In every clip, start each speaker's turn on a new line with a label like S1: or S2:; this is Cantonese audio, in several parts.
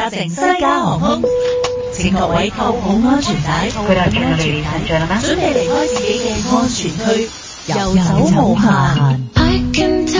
S1: 搭乘西加航空，嗯、請各位扣好安全帶，拉住安全
S2: 帶，準備離開自己嘅安全區，遊走無限。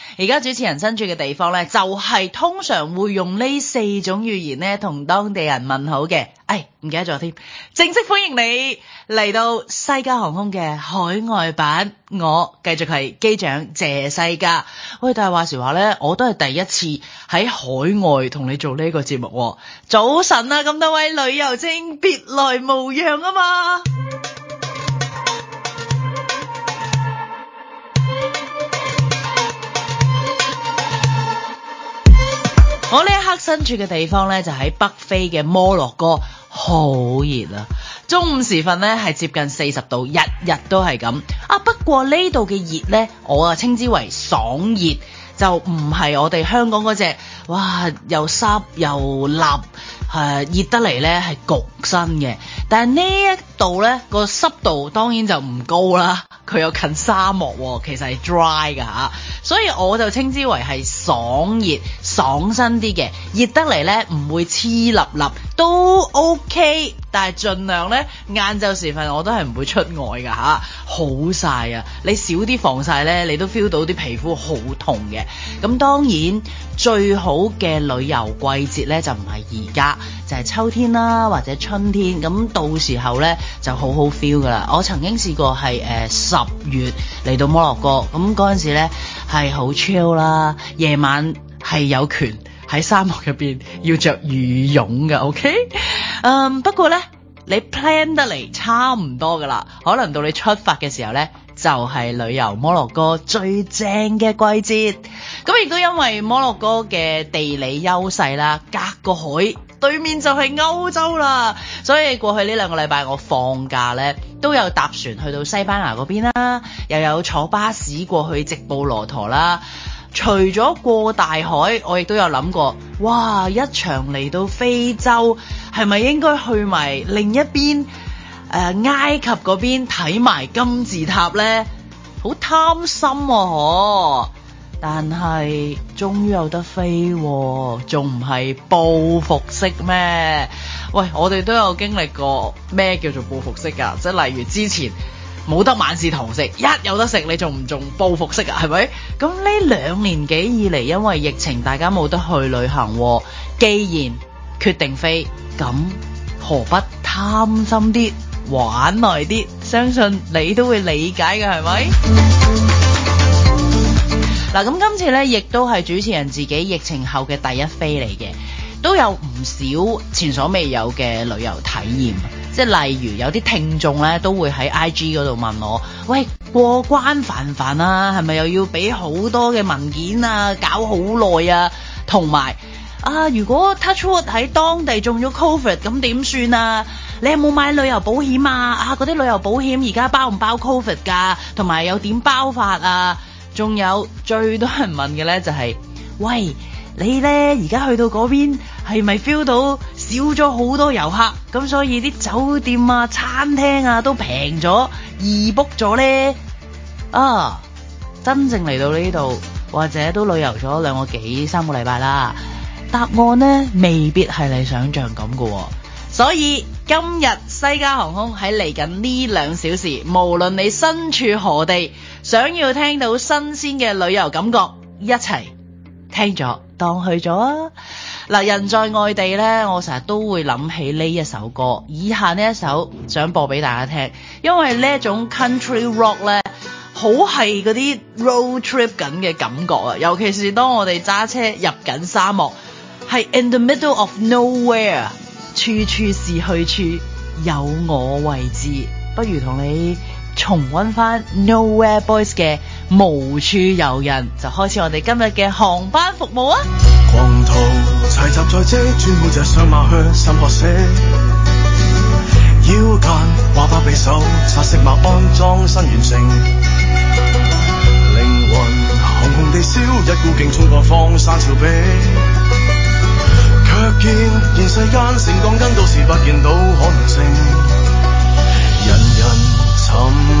S1: 而家主持人身處嘅地方呢，就係通常會用呢四種語言呢，同當地人問好嘅。唉，唔記得咗添。正式歡迎你嚟到西加航空嘅海外版，我繼續係機長謝西加。喂，但係話時話咧，我都係第一次喺海外同你做呢個節目。早晨啊，咁多位旅遊精，別來無恙啊嘛！ 我呢一刻身處嘅地方呢，就喺北非嘅摩洛哥，好熱啊！中午時分呢係接近四十度，日日都係咁啊。不過呢度嘅熱呢，我啊稱之為爽熱，就唔係我哋香港嗰隻哇又濕又腍，誒、啊、熱得嚟呢係焗身嘅。但係呢一度呢個濕度當然就唔高啦，佢有近沙漠喎、哦，其實係 dry 㗎嚇、啊，所以我就稱之為係爽熱。爽身啲嘅，熱得嚟呢唔會黐笠笠都 OK，但係盡量呢晏晝時份我都係唔會出外㗎吓，好曬啊！你少啲防曬呢，你都 feel 到啲皮膚好痛嘅。咁當然最好嘅旅遊季節呢就唔係而家，就係秋天啦，或者春天。咁到時候呢就好好 feel 噶啦。我曾經試過係誒十月嚟到摩洛哥，咁嗰陣時咧係好 chill 啦，夜晚。係有權喺沙漠入邊要着羽絨噶，OK？嗯，um，不過呢，你 plan 得嚟差唔多噶啦，可能到你出發嘅時候呢，就係旅遊摩洛哥最正嘅季節。咁亦都因為摩洛哥嘅地理優勢啦，隔個海對面就係歐洲啦，所以過去呢兩個禮拜我放假呢，都有搭船去到西班牙嗰邊啦，又有坐巴士過去直布羅陀啦。除咗過大海，我亦都有諗過，哇！一場嚟到非洲，係咪應該去埋另一邊誒、呃、埃及嗰邊睇埋金字塔呢？好貪心喎、啊，但係終於有得飛喎、哦，仲唔係報復式咩？喂，我哋都有經歷過咩叫做報復式㗎？即係例如之前，冇得晚市堂食，一有得食你仲唔仲報復式啊？係咪？咁呢兩年幾以嚟，因為疫情大家冇得去旅行喎。既然決定飛，咁何不貪心啲，玩耐啲？相信你都會理解嘅，係咪？嗱，咁今次呢，亦都係主持人自己疫情後嘅第一飛嚟嘅。都有唔少前所未有嘅旅遊體驗，即係例如有啲聽眾咧都會喺 IG 嗰度問我：喂，過關煩唔煩啊？係咪又要俾好多嘅文件啊？搞好耐啊？同埋啊，如果 Touchwood 喺當地中咗 Covid，咁點算啊？你有冇買旅遊保險啊？啊，嗰啲旅遊保險而家包唔包 Covid 㗎？同埋有點包法啊？仲有最多人問嘅咧就係：喂。你呢，而家去到嗰邊，係咪 feel 到少咗好多遊客？咁所以啲酒店啊、餐廳啊都平咗、易 book 咗呢？啊！真正嚟到呢度或者都旅遊咗兩個幾、三個禮拜啦。答案呢未必係你想象咁噶，所以今日西加航空喺嚟緊呢兩小時，無論你身處何地，想要聽到新鮮嘅旅遊感覺，一齊。聽咗當去咗啊！嗱，人在外地呢，我成日都會諗起呢一首歌，以下呢一首想播俾大家聽，因為呢種 country rock 呢，好係嗰啲 road trip 緊嘅感覺啊！尤其是當我哋揸車入緊沙漠，係 in the middle of nowhere，處處是去處，有我位置，不如同你重溫翻 Nowhere Boys 嘅。無處遊人，就開始我哋今日嘅航班服務啊！
S3: 狂徒齊集在即，新腰間掛把匕首擦色馬安裝新完成。靈魂紅紅地燒一股勁衝過荒山峭壁。卻見現世間成到時發現到可能性，人人沉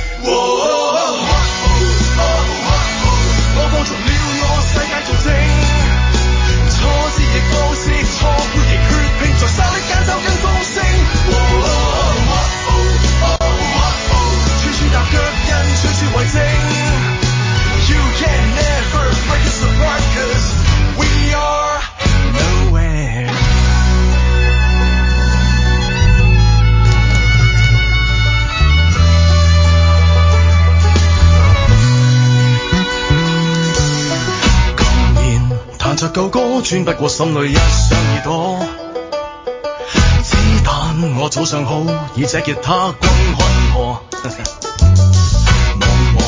S3: 舊歌穿不過心裏一雙耳朵，只但我早上好，以這吉他關懷我。 茫茫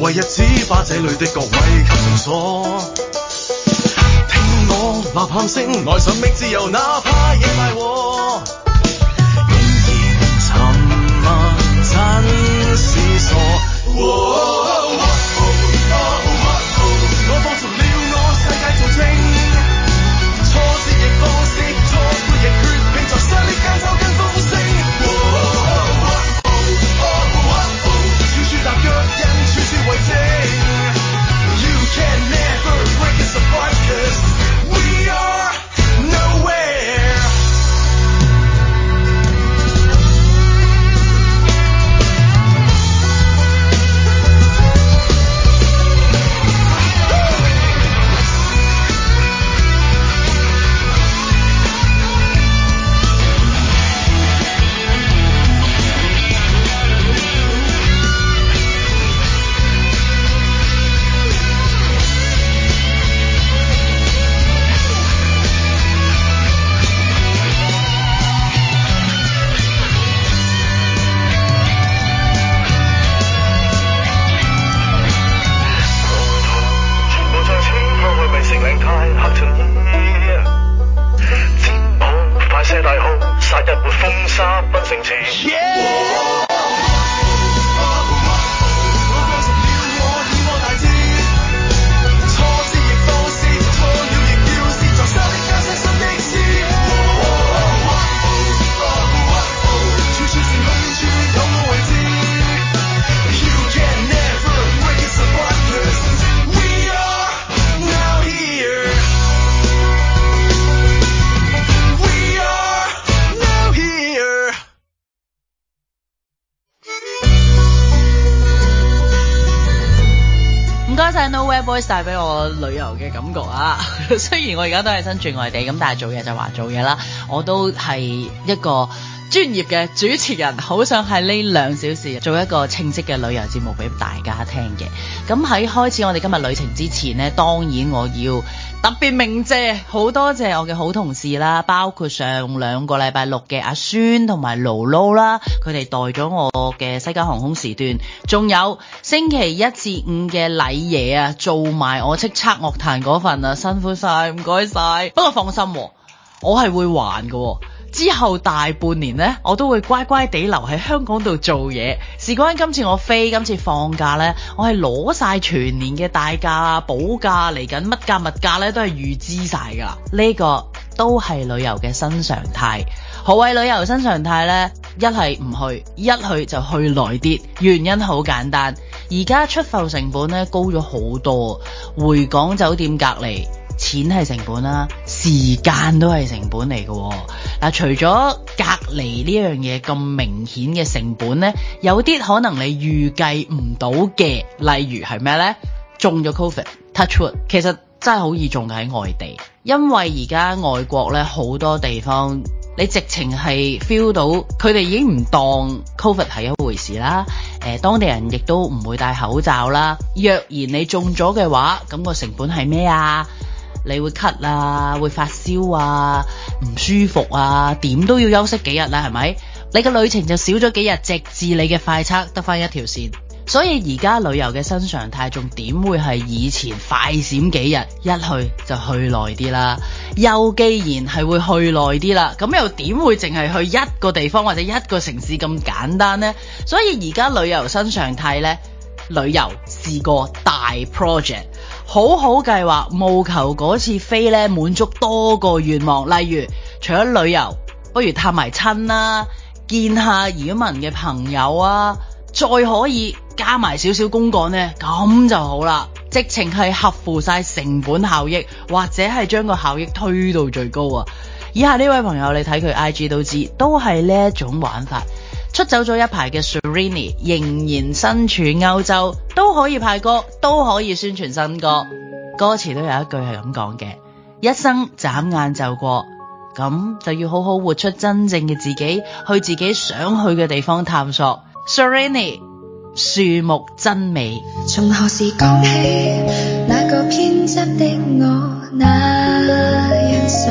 S3: 無謂日子，把這裏的各位囚鎖。聽我吶喊聲，愛生命自由，哪怕惹大禍，仍然沉默，真是傻。
S1: 帶俾我旅遊嘅感覺啊！雖然我而家都係身處外地，咁但係做嘢就話做嘢啦。我都係一個專業嘅主持人，好想喺呢兩小時做一個清晰嘅旅遊節目俾大家聽嘅。咁喺開始我哋今日旅程之前呢，當然我要特別鳴謝，好多謝我嘅好同事啦，包括上兩個禮拜六嘅阿孫同埋露露啦，佢哋代咗我嘅西加航空時段，仲有星期一至五嘅禮嘢啊，做埋我叱咤樂壇嗰份啊，辛苦晒，唔該晒，不過放心喎，我係會還㗎喎。之後大半年呢，我都會乖乖地留喺香港度做嘢。事關今次我飛，今次放假呢，我係攞晒全年嘅大假、補假嚟緊，乜價物價呢？都係預支曬喇㗎。呢個都係旅遊嘅新常態。何謂旅遊新常態呢，一係唔去，一去就去耐啲。原因好簡單，而家出埠成本呢，高咗好多，回港酒店隔離。錢係成本啦，時間都係成本嚟㗎喎。嗱，除咗隔離呢樣嘢咁明顯嘅成本呢，有啲可能你預計唔到嘅，例如係咩呢？中咗 COVID，touch wood，其實真係好易中嘅喺外地，因為而家外國呢好多地方，你直情係 feel 到佢哋已經唔當 COVID 係一回事啦。誒、呃，當地人亦都唔會戴口罩啦。若然你中咗嘅話，咁個成本係咩啊？你會咳啊，會發燒啊，唔舒服啊，點都要休息幾日啦，係咪？你嘅旅程就少咗幾日，直至你嘅快測得翻一條線。所以而家旅遊嘅新常態，仲點會係以前快閃幾日，一去就去耐啲啦。又既然係會去耐啲啦，咁又點會淨係去一個地方或者一個城市咁簡單呢？所以而家旅遊新常態呢，旅遊是個大 project。好好計劃，務求嗰次飛咧滿足多個願望，例如除咗旅遊，不如探埋親啦，見下移民嘅朋友啊，再可以加埋少少公幹呢，咁就好啦。直情係合乎晒成本效益，或者係將個效益推到最高啊。以下呢位朋友，你睇佢 IG 都知，都係呢一種玩法。出走咗一排嘅 Serrini 仍然身處歐洲，都可以派歌，都可以宣傳新歌。歌詞都有一句係咁講嘅：一生眨眼就過，咁就要好好活出真正嘅自己，去自己想去嘅地方探索。Serrini 樹木真美。
S2: 從何時講起？那那個偏執的我，那樣傻。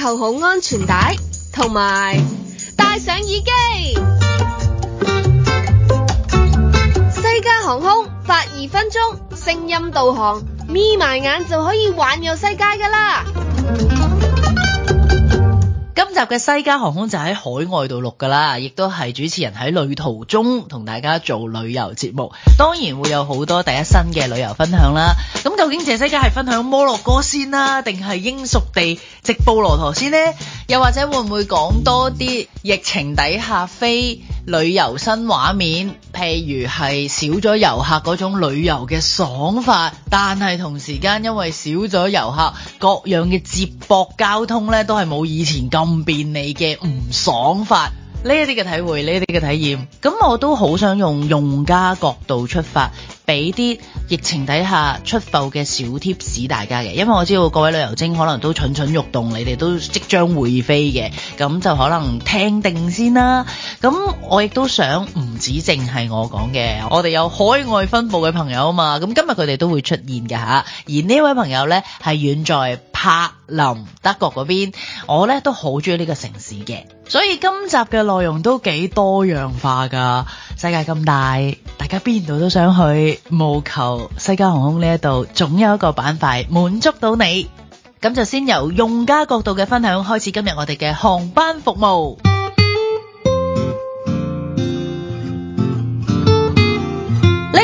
S2: 扣好安全帶，同埋戴上耳機。 西加航空發二分鐘聲音導航，眯埋眼就可以環遊世界噶啦！
S1: 今集嘅西加航空就喺海外度錄噶啦，亦都係主持人喺旅途中同大家做旅遊節目，當然會有好多第一新嘅旅遊分享啦。咁究竟謝茜嘉係分享摩洛哥先啦，啊，定係英屬地直布羅陀先咧？又或者會唔會講多啲疫情底下非旅遊新畫面？譬如係少咗遊客嗰種旅遊嘅爽法，但係同時間因為少咗遊客，各樣嘅接駁交通咧都係冇以前咁。唔便利嘅唔爽法，呢一啲嘅體會，呢一啲嘅體驗，咁我都好想用用家角度出發，俾啲疫情底下出埠嘅小貼士大家嘅，因為我知道各位旅遊精可能都蠢蠢欲動，你哋都即將會飛嘅，咁就可能聽定先啦。咁我亦都想唔止淨係我講嘅，我哋有海外分布嘅朋友啊嘛，咁今日佢哋都會出現嘅吓，而呢位朋友咧，係遠在。柏林、德國嗰邊，我呢都好鍾意呢個城市嘅，所以今集嘅內容都幾多樣化㗎。世界咁大，大家邊度都想去，務求西加航空呢一度，總有一個板塊滿足到你。咁就先由用家角度嘅分享開始，今日我哋嘅航班服務。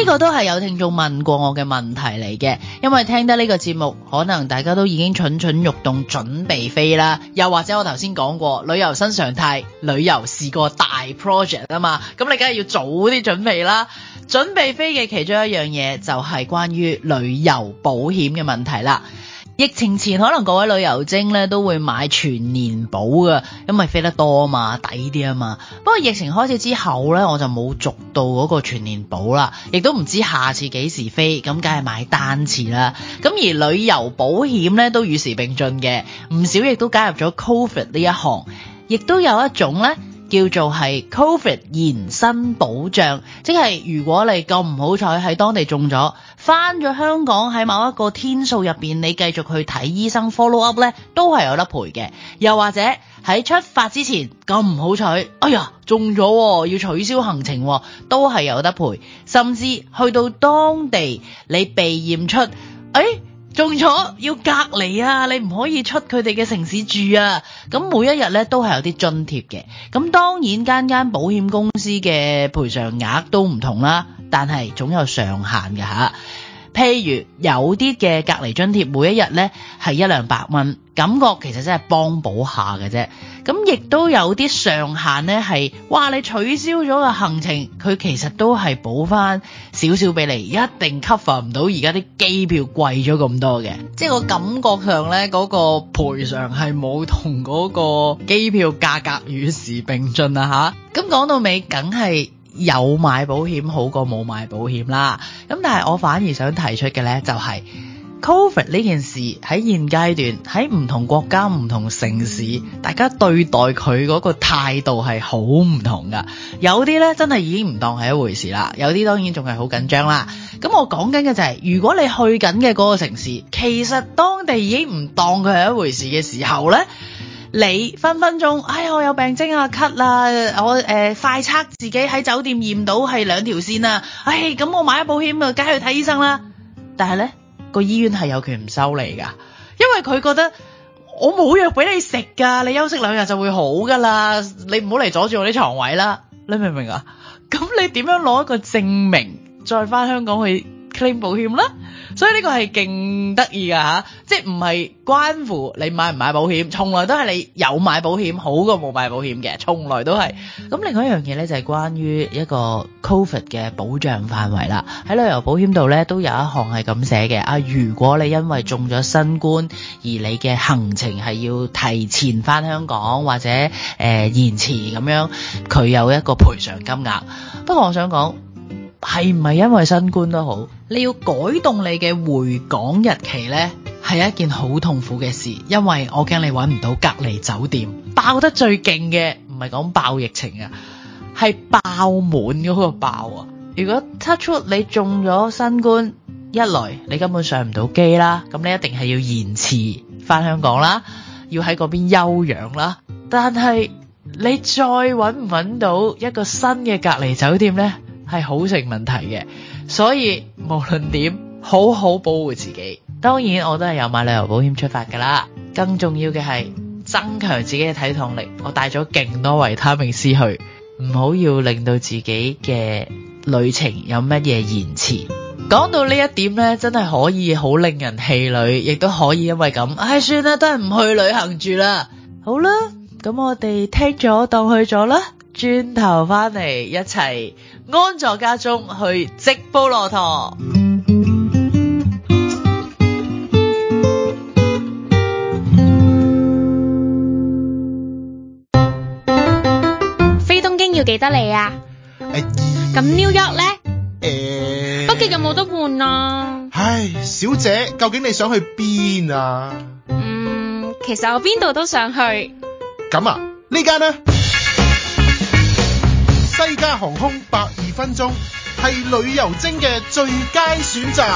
S1: 呢個都係有聽眾問過我嘅問題嚟嘅，因為聽得呢個節目，可能大家都已經蠢蠢欲動準備飛啦，又或者我頭先講過，旅遊新常態，旅遊是個大 project 啊嘛，咁你梗係要早啲準備啦。準備飛嘅其中一樣嘢就係關於旅遊保險嘅問題啦。疫情前可能各位旅遊精咧都會買全年保㗎，因為飛得多嘛，抵啲啊嘛。不過疫情開始之後咧，我就冇續到嗰個全年保啦，亦都唔知下次幾時飛，咁梗係買單次啦。咁而旅遊保險咧都與時並進嘅，唔少亦都加入咗 COVID 呢一行，亦都有一種咧。叫做係 COVID 延伸保障，即係如果你咁唔好彩喺當地中咗，翻咗香港喺某一個天數入邊，你繼續去睇醫生 follow up 呢都係有得賠嘅。又或者喺出發之前咁唔好彩，哎呀中咗喎，要取消行程喎，都係有得賠。甚至去到當地你被驗出，哎。中咗要隔離啊！你唔可以出佢哋嘅城市住啊！咁每一日呢都係有啲津貼嘅。咁當然間間保險公司嘅賠償額都唔同啦，但係總有上限嘅嚇。譬如有啲嘅隔離津貼，每一日呢係一兩百蚊，感覺其實真係幫補下嘅啫。咁亦都有啲上限呢係哇你取消咗嘅行程，佢其實都係補翻少少俾你，一定 cover 唔到而家啲機票貴咗咁多嘅。即係個感覺上呢，嗰個賠償係冇同嗰個機票價格與時並進啊吓，咁講到尾，梗係。有買保險好過冇買保險啦，咁但係我反而想提出嘅呢、就係，就係，COVID 呢件事喺現階段喺唔同國家唔同城市，大家對待佢嗰個態度係好唔同㗎，有啲呢，真係已經唔當係一回事啦，有啲當然仲係好緊張啦，咁我講緊嘅就係、係，如果你去緊嘅嗰個城市，其實當地已經唔當佢係一回事嘅時候呢。你分分鐘，哎，我有病徵啊，咳啦，我誒、呃、快測自己喺酒店驗到係兩條線啊，唉，咁我買咗保險啊，梗係去睇醫生啦。但係咧，個醫院係有權唔收你㗎，因為佢覺得我冇藥俾你食㗎，你休息兩日就會好㗎啦，你唔好嚟阻住我啲床位啦，你明唔明啊？咁你點樣攞一個證明，再返香港去 claim 保險呢？所以呢個係勁得意㗎吓，即係唔係關乎你買唔買保險，從來都係你有買保險好過冇買保險嘅，從來都係。咁另外一樣嘢呢，就係、是、關於一個 COVID 嘅保障範圍啦，喺旅遊保險度呢，都有一項係咁寫嘅。啊，如果你因為中咗新冠而你嘅行程係要提前返香港或者誒、呃、延遲咁樣，佢有一個賠償金額。不過我想講。係唔係因為新冠都好，你要改動你嘅回港日期呢，係一件好痛苦嘅事，因為我驚你揾唔到隔離酒店。爆得最勁嘅，唔係講爆疫情啊，係爆滿嗰個爆啊！如果 touch wood 你中咗新冠，一來你根本上唔到機啦，咁你一定係要延遲翻香港啦，要喺嗰邊休養啦。但係你再揾唔揾到一個新嘅隔離酒店呢？係好成問題嘅，所以無論點，好好保護自己。當然我都係有買旅遊保險出發㗎啦。更重要嘅係增強自己嘅抵抗力。我帶咗勁多維他命 C 去，唔好要令到自己嘅旅程有乜嘢延遲。講到呢一點呢，真係可以好令人氣餒，亦都可以因為咁唉、哎，算啦，都係唔去旅行住啦。好啦，咁我哋聽咗當去咗啦，轉頭返嚟一齊。安坐家中去直布羅陀。飛東京要幾多里啊？咁
S2: New York 咧？誒，北京有冇得換啊？唉，小姐，究竟你想去邊啊？嗯，其實我邊度都想去。咁啊，呢間啦。西加航空百二分鐘係旅遊精嘅最佳選擇。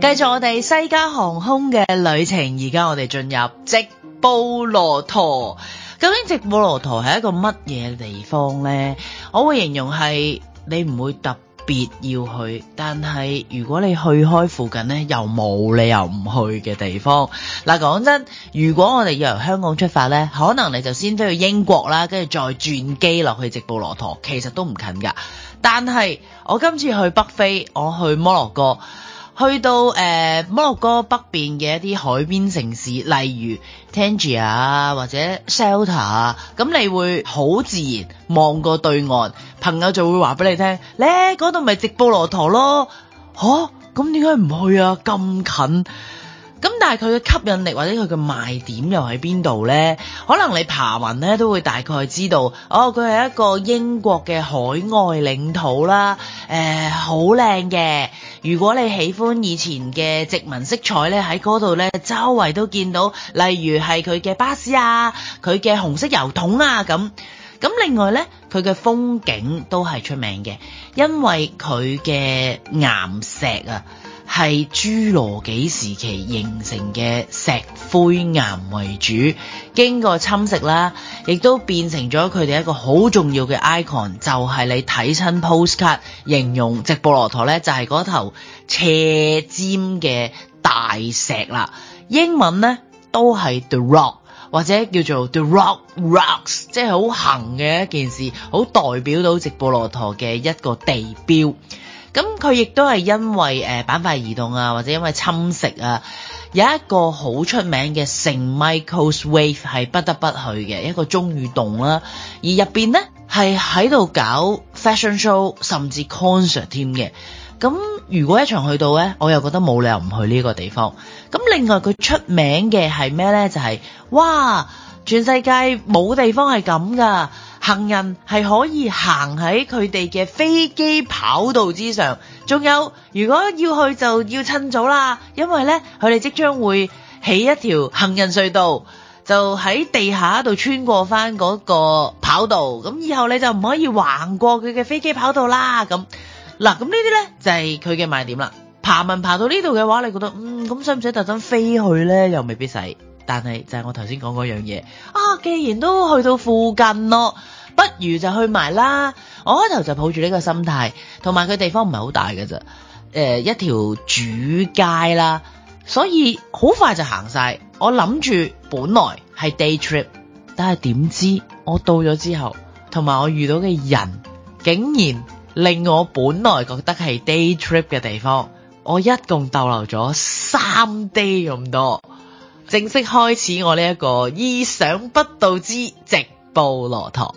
S1: 繼續我哋西加航空嘅旅程，而家我哋進入直布羅陀。究竟直布羅陀係一個乜嘢地方呢？我會形容係你唔會特別。別要去，但係如果你去開附近呢，又冇理由唔去嘅地方。嗱、啊，講真，如果我哋要由香港出發呢，可能你就先飛去英國啦，跟住再轉機落去直布羅陀，其實都唔近㗎。但係我今次去北非，我去摩洛哥。去到誒、呃、摩洛哥北邊嘅一啲海邊城市，例如 Tangier 或者 Shelter 啊、嗯、咁你會好自然望過對岸，朋友就會話俾你聽：咧度咪直布羅陀咯吓？咁點解唔去啊？咁近？咁但係佢嘅吸引力或者佢嘅賣點又喺邊度呢？可能你爬雲呢都會大概知道，哦，佢係一個英國嘅海外領土啦，誒、呃，好靚嘅。如果你喜歡以前嘅殖民色彩呢，喺嗰度呢，周圍都見到，例如係佢嘅巴士啊，佢嘅紅色油桶啊咁。咁另外呢，佢嘅風景都係出名嘅，因為佢嘅岩石啊。係侏羅紀時期形成嘅石灰岩為主，經過侵蝕啦，亦都變成咗佢哋一個好重要嘅 icon，就係你睇親 postcard 形容直布羅陀呢，就係嗰頭斜尖嘅大石啦。英文呢，都係 The Rock 或者叫做 The Rock Rocks，即係好行嘅一件事，好代表到直布羅陀嘅一個地標。咁佢亦都係因為誒板塊移動啊，或者因為侵蝕啊，有一個好出名嘅成 micro wave 係不得不去嘅一個中雨洞啦。而入邊呢係喺度搞 fashion show 甚至 concert 添嘅。咁如果一場去到呢，我又覺得冇理由唔去呢個地方。咁另外佢出名嘅係咩呢？就係、是、哇！全世界冇地方係咁㗎，行人係可以行喺佢哋嘅飛機跑道之上。仲有，如果要去就要趁早啦，因為呢，佢哋即將會起一條行人隧道，就喺地下度穿過返嗰個跑道。咁以後你就唔可以橫過佢嘅飛機跑道啦。咁嗱，咁呢啲呢，就係佢嘅賣點啦。爬文爬到呢度嘅話，你覺得嗯咁，使唔使特登飛去呢？又未必使。但係就係我頭先講嗰樣嘢啊！既然都去到附近咯，不如就去埋啦。我開頭就抱住呢個心態，同埋佢地方唔係好大㗎啫，誒、呃、一條主街啦，所以好快就行晒。我諗住本來係 day trip，但係點知我到咗之後，同埋我遇到嘅人，竟然令我本來覺得係 day trip 嘅地方，我一共逗留咗三 day 咁多。正式開始，我呢一個意想不到之直布羅陀。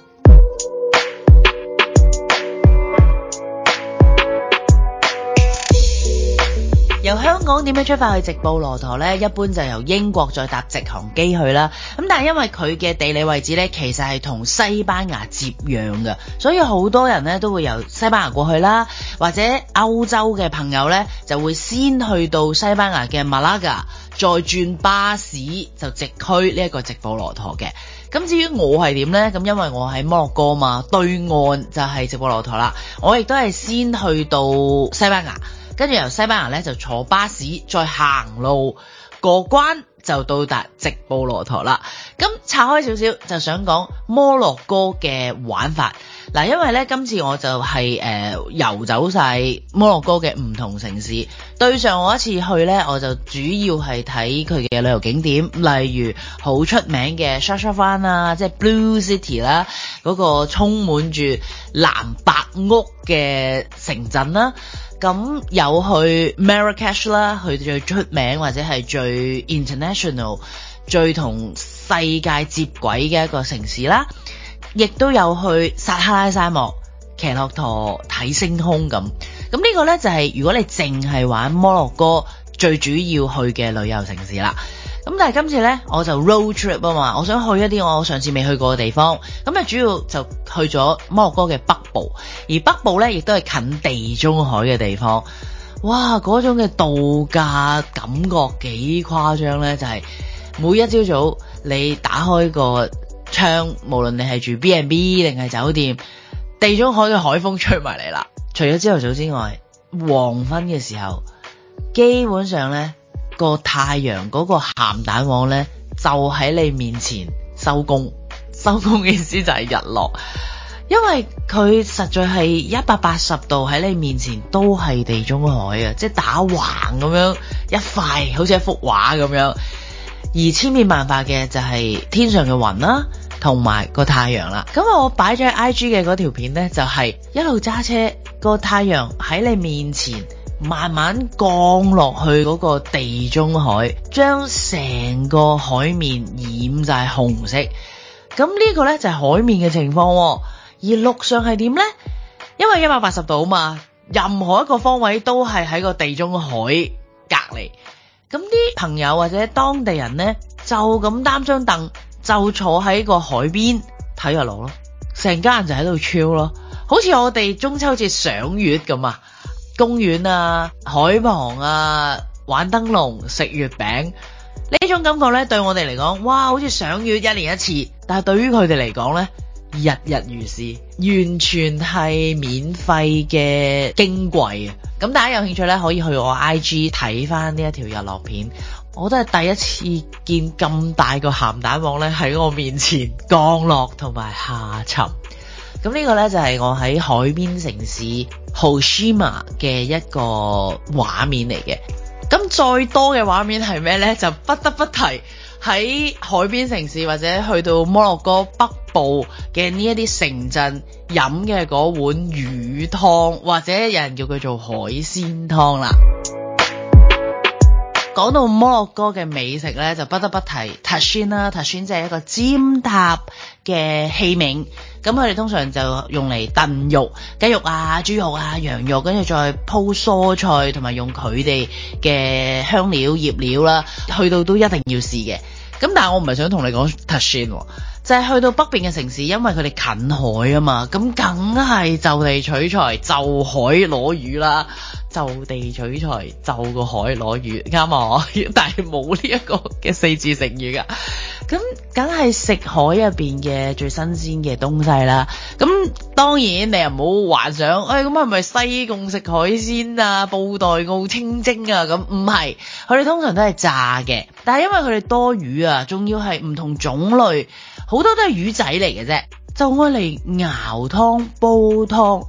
S1: 由香港點樣出發去直布羅陀呢？一般就由英國再搭直航機去啦。咁但係因為佢嘅地理位置呢，其實係同西班牙接壤嘅，所以好多人呢都會由西班牙過去啦，或者歐洲嘅朋友呢就會先去到西班牙嘅馬拉加，再轉巴士就直去呢一個直布羅陀嘅。咁至於我係點呢？咁因為我喺摩洛哥嘛，對岸就係直布羅陀啦。我亦都係先去到西班牙。跟住由西班牙咧就坐巴士，再行路過關就到達直布羅陀啦。咁、嗯、拆開少少，就想講摩洛哥嘅玩法嗱、嗯。因為呢，今次我就係誒遊走晒摩洛哥嘅唔同城市。對上我一次去呢，我就主要係睇佢嘅旅遊景點，例如好出名嘅 Chefchaouen 啦，即係 Blue City 啦，嗰個充滿住藍白屋嘅城鎮啦。咁有去 Marrakesh 啦，佢最出名或者係最 international、最同世界接軌嘅一個城市啦，亦都有去撒哈拉沙漠騎駱駝睇星空咁。咁呢個咧就係、是、如果你淨係玩摩洛哥最主要去嘅旅遊城市啦。咁但係今次呢，我就 road trip 啊嘛，我想去一啲我上次未去過嘅地方。咁咧主要就去咗摩洛哥嘅北部，而北部呢亦都係近地中海嘅地方。哇，嗰種嘅度假感覺幾誇張呢，就係每一朝早你打開個窗，無論你係住 B and B 定係酒店，地中海嘅海風吹埋嚟啦。除咗朝頭早之外，黃昏嘅時候，基本上呢，個太陽嗰個鹹蛋黃呢，就喺你面前收工，收工嘅意思就係日落，因為佢實在係一百八十度喺你面前都係地中海啊，即係打橫咁樣一塊，好似一幅畫咁樣。而千變萬化嘅就係天上嘅雲啦，同埋個太陽啦。咁我擺咗喺 IG 嘅嗰條片呢，就係、是、一路揸車，個太陽喺你面前。慢慢降落去嗰個地中海，將成個海面染晒紅色。咁呢個呢，就係、是、海面嘅情況、哦。而陸上係點呢？因為一百八十度啊嘛，任何一個方位都係喺個地中海隔籬。咁啲朋友或者當地人呢，就咁擔張凳，就坐喺個海邊睇日落咯。成家人就喺度 chill 咯，好似我哋中秋節賞月咁啊！公園啊，海旁啊，玩燈籠、食月餅呢種感覺呢，對我哋嚟講，哇，好似賞月一年一次，但係對於佢哋嚟講呢，日日如是，完全係免費嘅矜貴啊！咁大家有興趣呢，可以去我 IG 睇返呢一條日落片，我都係第一次見咁大個鹹蛋黃呢喺我面前降落同埋下沉。咁呢個呢，就係我喺海邊城市豪 m a 嘅一個畫面嚟嘅。咁再多嘅畫面係咩呢？就不得不提喺海邊城市或者去到摩洛哥北部嘅呢一啲城鎮飲嘅嗰碗魚湯，或者有人叫佢做海鮮湯啦。講 到摩洛哥嘅美食呢，就不得不提塔宣啦。塔宣即係一個尖塔嘅器皿。咁佢哋通常就用嚟燉肉、雞肉啊、豬肉啊、羊肉，跟住再鋪蔬菜，同埋用佢哋嘅香料、醃料啦，去到都一定要試嘅。咁但係我唔係想同你講特選喎。就係去到北邊嘅城市，因為佢哋近海啊嘛，咁梗係就地取材，就海攞魚啦。就地取材，就個海攞魚，啱啊！ 但係冇呢一個嘅四字成語㗎，咁梗係食海入邊嘅最新鮮嘅東西啦。咁當然你又唔好幻想，誒咁係咪西貢食海鮮啊，布袋澳清蒸啊？咁唔係，佢哋通常都係炸嘅，但係因為佢哋多魚啊，仲要係唔同種類。好多都係魚仔嚟嘅啫，就愛嚟熬湯煲湯，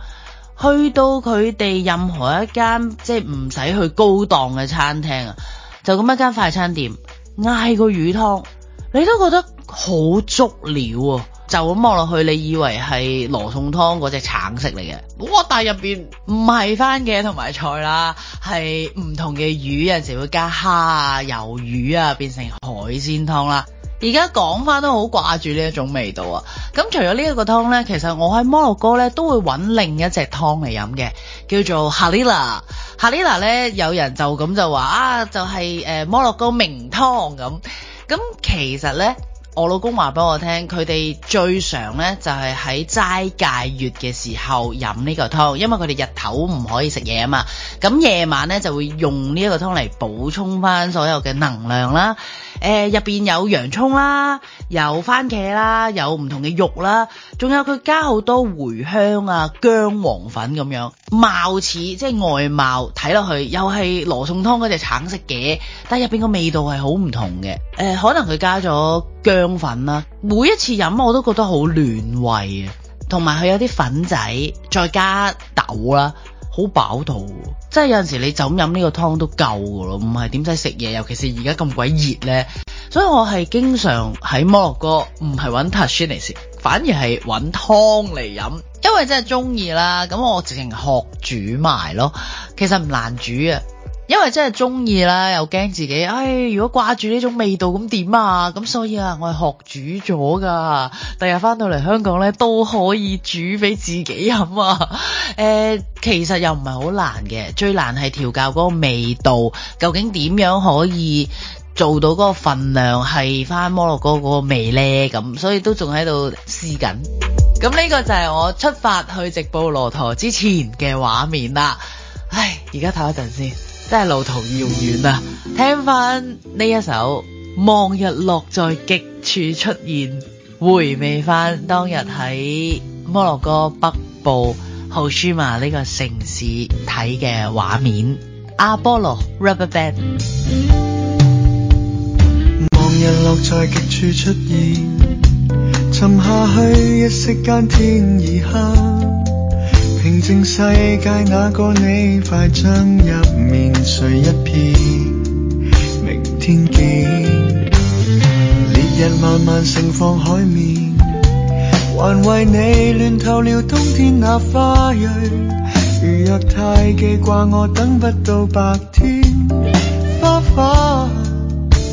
S1: 去到佢哋任何一間即係唔使去高檔嘅餐廳啊，就咁一間快餐店嗌個魚湯，你都覺得好足料啊！就咁望落去，你以為係羅宋湯嗰隻橙色嚟嘅，哇！但入邊唔係番茄，同埋菜啦，係唔同嘅魚，有陣時會加蝦啊、魷魚啊，變成海鮮湯啦。而家講翻都好掛住呢一種味道啊！咁除咗呢一個湯呢，其實我喺摩洛哥呢都會揾另一隻湯嚟飲嘅，叫做 Halila。Halila 呢，有人就咁就話啊，就係誒摩洛哥名湯咁。咁其實呢，我老公話俾我聽，佢哋最常呢就係喺齋戒月嘅時候飲呢個湯，因為佢哋日頭唔可以食嘢啊嘛。咁夜晚呢，就會用呢一個湯嚟補充翻所有嘅能量啦。誒入邊有洋葱啦，有番茄啦，有唔同嘅肉啦，仲有佢加好多茴香啊、薑黃粉咁樣，貌似即係外貌睇落去又係羅宋湯嗰隻橙色嘅，但係入邊個味道係好唔同嘅。誒可能佢加咗薑粉啦，每一次飲我都覺得好暖胃啊，同埋佢有啲粉仔，再加豆啦，好飽肚。即係有陣時你就咁飲呢個湯都夠噶咯，唔係點使食嘢，尤其是而家咁鬼熱呢。所以我係經常喺摩洛哥唔係揾 tagine 嚟食，反而係揾湯嚟飲，因為真係中意啦。咁我直情學煮埋咯，其實唔難煮啊。因為真係中意啦，又驚自己。唉、哎，如果掛住呢種味道咁點啊？咁所以啊，我係學煮咗噶。第日翻到嚟香港呢，都可以煮俾自己飲啊。誒、 呃，其實又唔係好難嘅，最難係調教嗰個味道，究竟點樣可以做到嗰個份量係翻摩洛哥嗰個味呢？咁所以都仲喺度試緊。咁呢個就係我出發去直布羅陀之前嘅畫面啦。唉，而家唞一陣先。真係路途遙遠啊！聽翻呢一首望日落，在極處出現，回味翻當日喺摩洛哥北部豪舒馬呢個城市睇嘅畫面。阿波羅 Rubber b a d
S4: 望日落，在極處出現，沉下去一息間天已黑。平靜世界那個你快，快將入眠睡一片，明天見。烈日慢慢盛，盛放海面，還為你暖透了冬天那花蕊。如若太記掛，我等不到白天。花瓣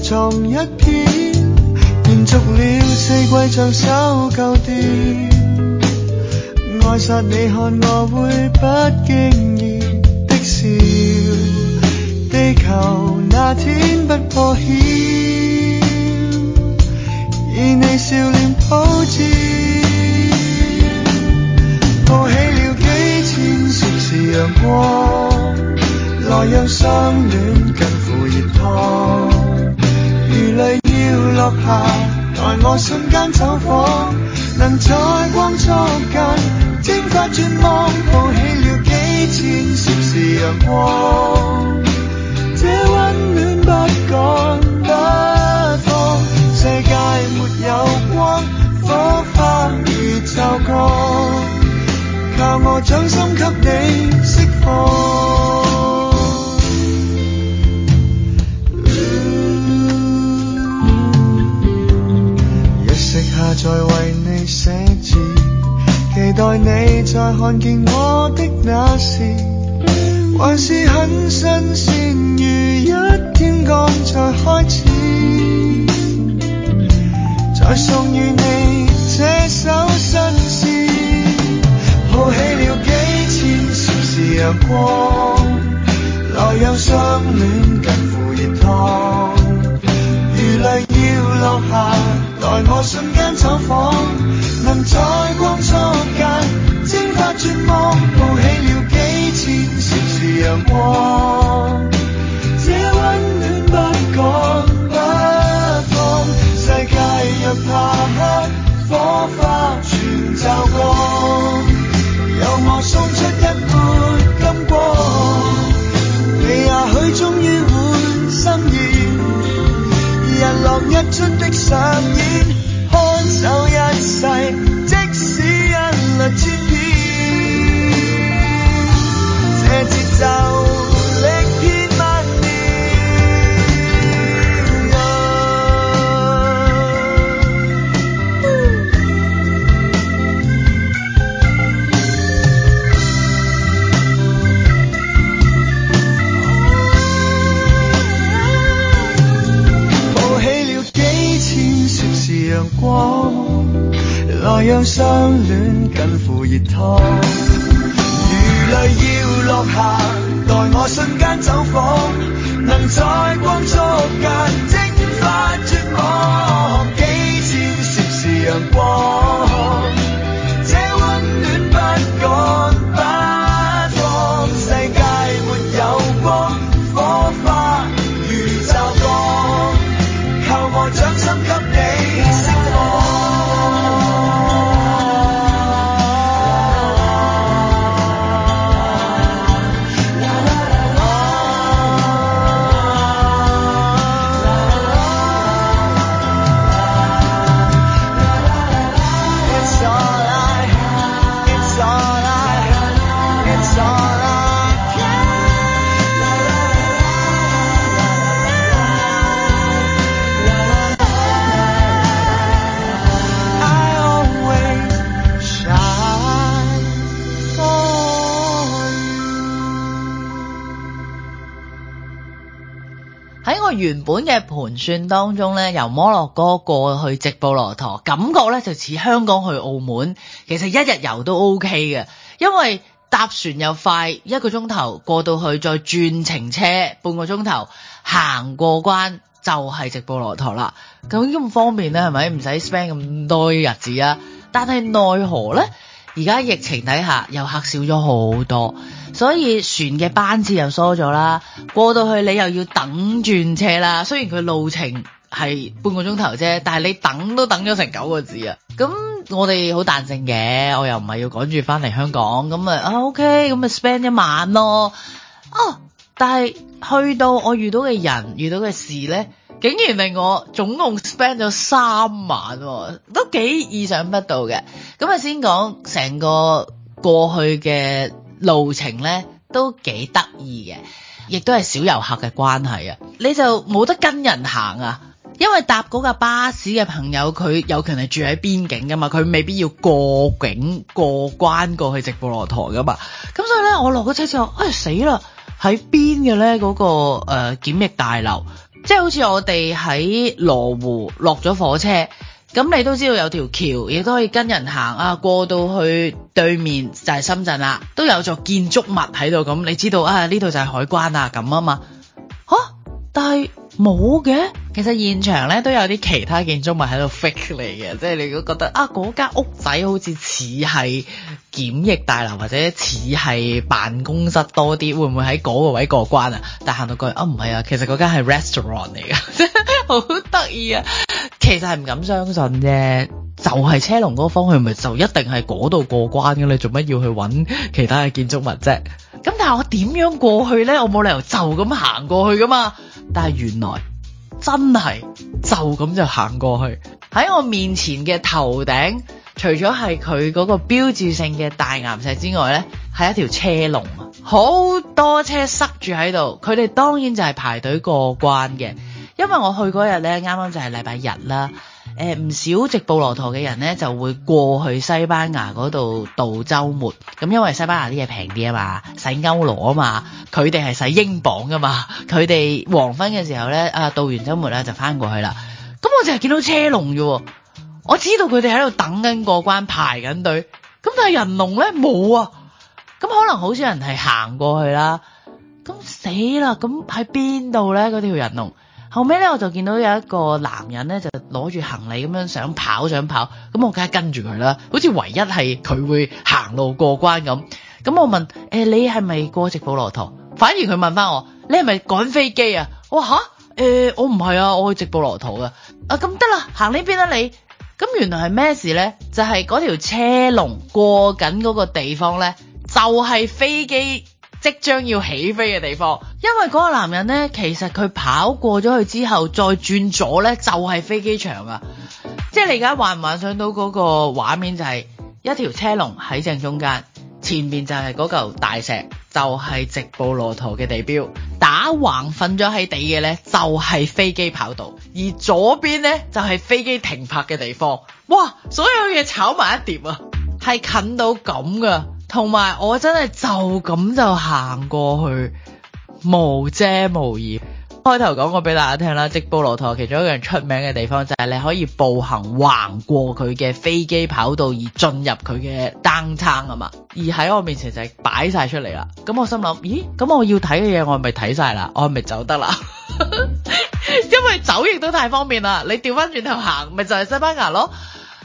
S4: 藏一片，延續了四季像收舊電。愛煞你看我會不經意的笑，地球那天不破曉，以你笑臉普照，抱起了幾千攝氏陽光，來讓相戀更富熱燙。如淚要落下，待我瞬間走火，能在光速間。蒸發絕望，放起了幾千攝氏陽光，這温暖不講不放，世界沒有光，火花如驟降，靠我掌心給你釋放。看見我的那時，還是很新鮮，如一天剛才開始。再送與你這首新詩，抱起了幾千小時陽光，來讓相戀更富熱燙。如淚要落下，待 我。
S1: 算當中咧，由摩洛哥過去直布羅陀，感覺咧就似香港去澳門。其實一日遊都 OK 嘅，因為搭船又快，一個鐘頭過到去，再轉程車半個鐘頭行過關就係直布羅陀啦。究竟咁方便咧，係咪唔使 spend 咁多日子啊？但係奈何呢？而家疫情底下遊客少咗好多，所以船嘅班次又疏咗啦。過到去你又要等轉車啦。雖然佢路程係半個鐘頭啫，但係你等都等咗成九個字啊。咁我哋好彈性嘅，我又唔係要趕住翻嚟香港咁啊。Okay，啊，OK，咁啊，spend 一晚咯。哦，但係去到我遇到嘅人、遇到嘅事呢。竟然令我總共 spend 咗三萬喎，哦，都幾意想不到嘅。咁啊，先講成個過去嘅路程呢，都幾得意嘅，亦都係小遊客嘅關係啊。你就冇得跟人行啊，因為搭嗰架巴士嘅朋友佢有權係住喺邊境㗎嘛，佢未必要過境過關過去直布羅陀㗎嘛。咁所以呢，我落咗車之後，唉、哎、死啦，喺邊嘅呢嗰、那個誒、呃、檢疫大樓。即係好似我哋喺羅湖落咗火車，咁你都知道有條橋，亦都可以跟人行啊，過到去對面就係、是、深圳啦，都有座建築物喺度咁，你知道啊呢度就係海關啊咁啊嘛，嚇、啊，但係。冇嘅，其實現場咧都有啲其他建築物喺度 fake 你嘅，即係你如果覺得啊嗰間屋仔好似似係檢疫大樓或者似係辦公室多啲，會唔會喺嗰個位過關啊？但行到過去，啊，唔係啊，其實嗰間係 restaurant 嚟噶， 好得意啊！其實係唔敢相信啫，就係、是、車龍嗰個方向，咪就一定係嗰度過關嘅。你做乜要去搵其他嘅建築物啫？咁但係我點樣過去咧？我冇理由就咁行過去噶嘛？但係原來真係就咁就行過去，喺我面前嘅頭頂，除咗係佢嗰個標誌性嘅大岩石之外呢係一條車龍啊，好多車塞住喺度，佢哋當然就係排隊過關嘅，因為我去嗰日呢，啱啱就係禮拜日啦。誒，唔少直布羅陀嘅人咧，就會過去西班牙嗰度度週末。咁因為西班牙啲嘢平啲啊嘛，使歐羅啊嘛，佢哋係使英鎊噶嘛，佢哋黃昏嘅時候咧，啊度完週末咧就翻過去啦。咁我淨係見到車龍啫，我知道佢哋喺度等緊過關排緊隊。咁但係人龍咧冇啊。咁可能好少人係行過去啦。咁死啦！咁喺邊度咧？嗰條人龍？後尾咧，我就見到有一個男人咧，就攞住行李咁樣想跑想跑，咁我梗係跟住佢啦。好似唯一係佢會行路過關咁。咁我問：誒、欸、你係咪過直布羅陀？反而佢問翻我：你係咪趕飛機啊？欸、我話吓我唔係啊，我去直布羅陀噶。啊咁得啦，行呢邊啦你。咁、啊、原來係咩事咧？就係嗰條車龍過緊嗰個地方咧，就係、是、飛機。即將要起飛嘅地方，因為嗰個男人呢，其實佢跑過咗去之後，再轉左呢，就係飛機場啊！即係你而家幻唔幻想到嗰個畫面就係一條車龍喺正中間，前面就係嗰嚿大石，就係直布羅陀嘅地標，打橫瞓咗喺地嘅呢，就係飛機跑道，而左邊呢，就係飛機停泊嘅地方。哇！所有嘢炒埋一碟啊，係近到咁噶～同埋我真係就咁就行過去，無遮無掩。開頭講過俾大家聽啦，直布羅陀其中一個出名嘅地方就係你可以步行橫過佢嘅飛機跑道而進入佢嘅登艙啊嘛。而喺我面前就係擺晒出嚟啦。咁我心諗，咦？咁我要睇嘅嘢我係咪睇晒啦？我係咪走得啦？ 因為走亦都太方便啦。你調翻轉頭行，咪就係、是、西班牙咯。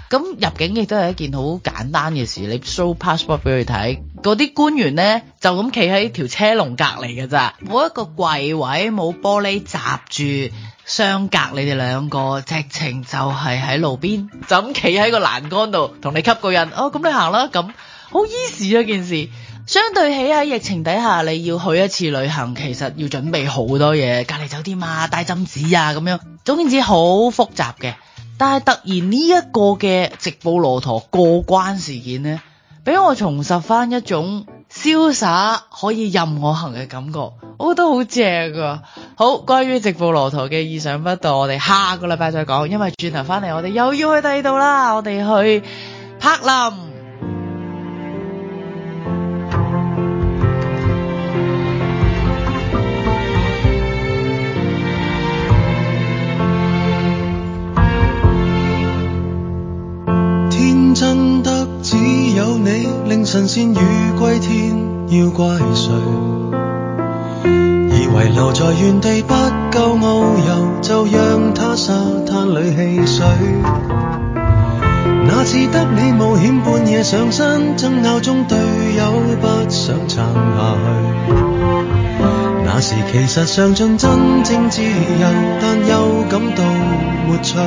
S1: 咁入境亦都係一件好簡單嘅事，你 show passport 俾佢睇，嗰啲官員呢就咁企喺條車龍隔離嘅咋，冇一個櫃位，冇玻璃閘住相隔，你哋兩個直情就係喺路邊就咁企喺個欄杆度同你吸個人，哦咁你行啦咁，好 easy 啊。件事，相對起喺疫情底下你要去一次旅行，其實要準備好多嘢，隔離酒店啊，帶針紙啊咁樣，總之好複雜嘅。但係突然呢一個嘅直布羅陀過關事件咧，俾我重拾翻一種瀟灑可以任我行嘅感覺，我覺得好正啊！好，關於直布羅陀嘅意想不到，我哋下個禮拜再講，因為轉頭翻嚟我哋又要去第二度啦，我哋去柏林。
S3: 神仙魚歸天，要怪誰？以為留在原地不夠遨遊，就讓他沙灘裏戲水。那次得你冒險半夜上山，爭拗中隊友不想撐下去。那時其實嚐盡真正自由，但又感到沒趣。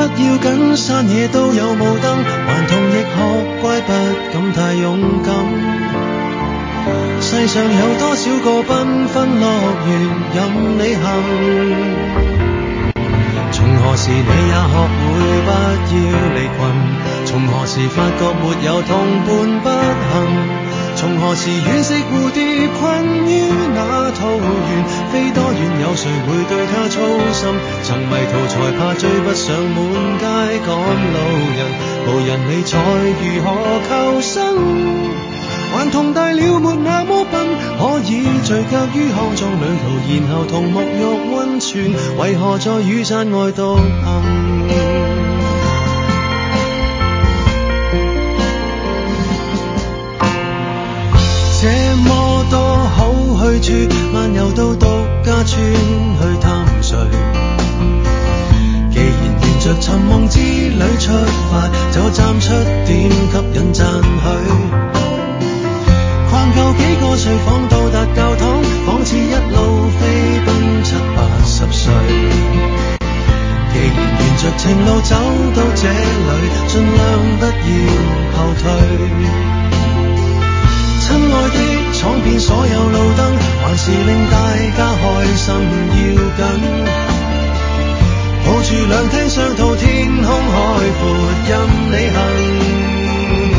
S3: 不要緊，山野都有霧燈，頑童亦學乖，不敢太勇敢。世上有多少個繽紛樂園，任你行。從何時你也學會不要離群？從何時發覺沒有同伴不行？從何時惋惜蝴蝶困於那桃源，飛多遠有誰會對他操心？曾迷途才怕追不上滿街趕路人，無人理睬如何求生？頑童大了沒那麼笨，可以聚腳於康莊旅途，然後同沐浴温泉，為何在雨傘外獨行？處漫遊到獨家村去探誰，既然沿着尋夢之旅出發，就站出點吸引讚許。逛夠幾個睡房到達教堂，仿似一路飛奔七八十歲。既然沿着情路走到這裡，盡量不要後退。親愛的。闖遍所有路燈，還是令大家開心要緊。抱住兩廳雙套天空海闊，任你行。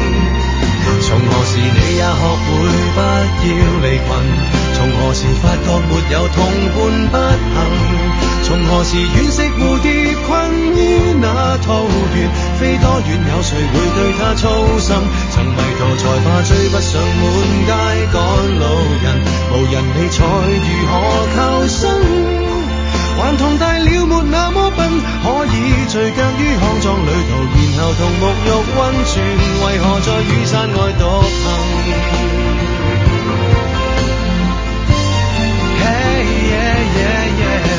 S3: 從何時你也學會不要離群？從何時發覺沒有同伴不行？從何時惋惜蝴蝶困於那桃源，飛多遠有誰會對它操心？曾迷途才怕追不上滿街趕路人，無人理睬如何求生？頑童大了沒那麼笨，可以聚腳於康莊旅途，然後同沐浴溫泉，為何在雨傘外獨行？Hey, yeah, yeah, yeah.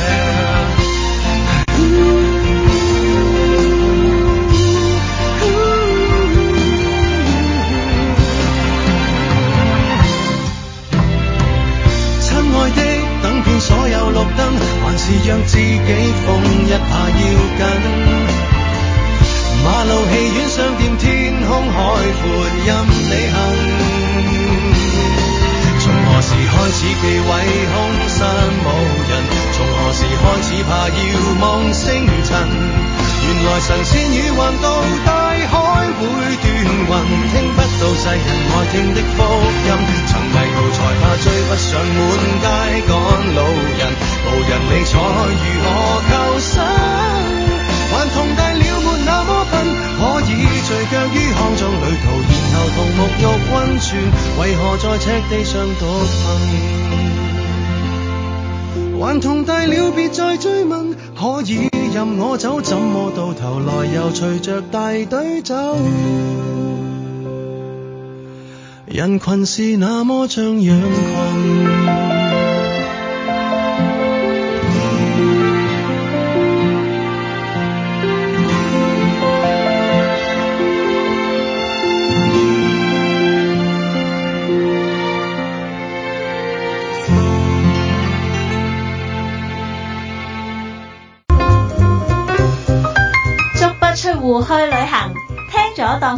S3: 再如何求生？頑童大了沒那麼笨，可以聚腳於康莊旅途，然後同沐浴溫泉。為何在赤地上獨行？頑童大了別再追問，可以任我走，怎麼到頭來又隨着大隊走？人群是那麼像羊群。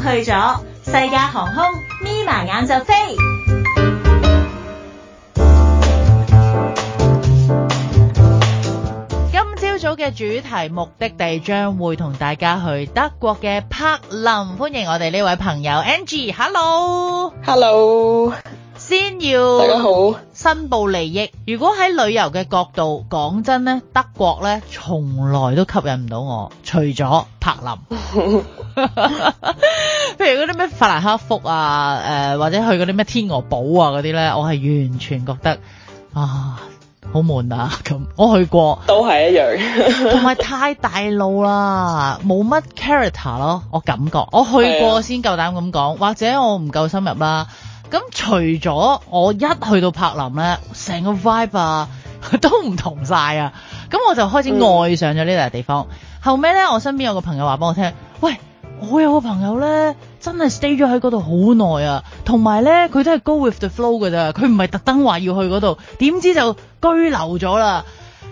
S1: 去咗，西加航空眯埋眼就飛。今朝早嘅主題目的地將會同大家去德國嘅柏林，歡迎我哋呢位朋友 Angie，Hello，Hello。先要，好，申報利益。如果喺旅遊嘅角度，講真咧，德國咧從來都吸引唔到我，除咗柏林。 譬如嗰啲咩法蘭克福啊，誒、呃、或者去嗰啲咩天鵝堡啊嗰啲咧，我係完全覺得啊好悶啊咁。 我去過，
S5: 都係一樣，
S1: 同 埋太大路啦，冇乜 character 咯。我感覺，我去過先夠膽咁講，的或者我唔夠深入啦。咁除咗我一去到柏林咧，成個 vibe 啊都唔同晒啊！咁我就開始愛上咗呢笪地方。後尾咧，我身邊有個朋友話俾我聽：喂，我有個朋友咧，真係 stay 咗喺嗰度好耐啊！同埋咧，佢都係 go with the flow 㗎咋，佢唔係特登話要去嗰度，點知就居留咗啦。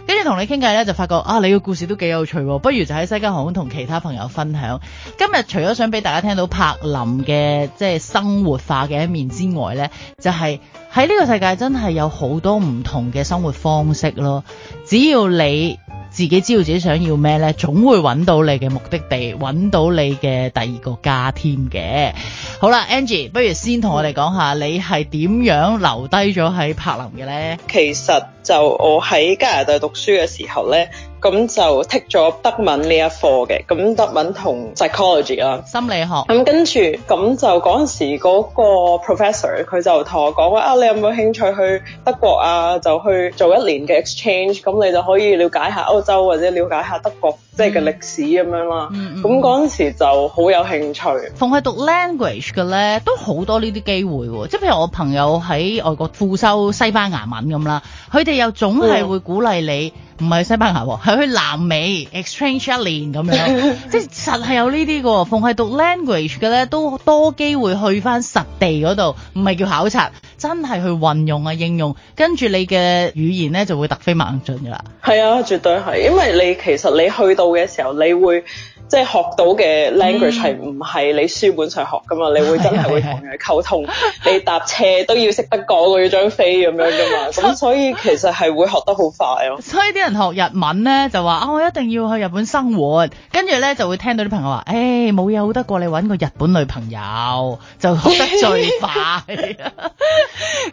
S1: 跟住同你傾偈呢，就發覺啊，你嘅故事都幾有趣喎，不如就喺西加航空同其他朋友分享。今日除咗想俾大家聽到柏林嘅即係生活化嘅一面之外呢，就係、是。喺呢個世界真係有好多唔同嘅生活方式咯，只要你自己知道自己想要咩呢，總會揾到你嘅目的地，揾到你嘅第二個家添嘅。好啦，Angie，不如先同我哋講下你係點樣留低咗喺柏林嘅呢？
S5: 其實就我喺加拿大讀書嘅時候呢。咁就剔咗德文呢一科嘅，咁德文同 psychology 啦，心理學，咁、嗯嗯嗯嗯、跟住咁、嗯、就嗰陣時嗰個 professor 佢就同我講，話啊，你有冇興趣去德國啊？就去做一年嘅 exchange，咁你就可以了解下歐洲或者了解下德國即係嘅歷史咁、嗯、樣啦。咁嗰陣時就好有興趣。
S1: 同佢讀 language 嘅咧，都好多呢啲機會，即係譬如我朋友喺外國副修西班牙文咁啦，佢哋又總係會鼓勵你。唔係西班牙喎，係去南美 exchange 一年咁樣，即係實係有呢啲嘅。逢係讀 language 嘅咧，都多機會去返實地嗰度，唔係叫考察，真係去運用啊應用，跟住你嘅語言咧就會突飛猛進㗎啦。係啊，
S5: 絕對係，因為你其實你去到嘅時候，你會。即係學到嘅 language 係唔係、嗯、你書本上學㗎嘛？你真會真係會同人溝通，是是是你搭車都要識得講要張飛咁樣㗎嘛？咁所以其實係會學得好快咯、啊。
S1: 所以啲人學日文咧就話啊、哦，我一定要去日本生活，跟住咧就會聽到啲朋友話，誒冇有得過你揾個日本女朋友就學得最快。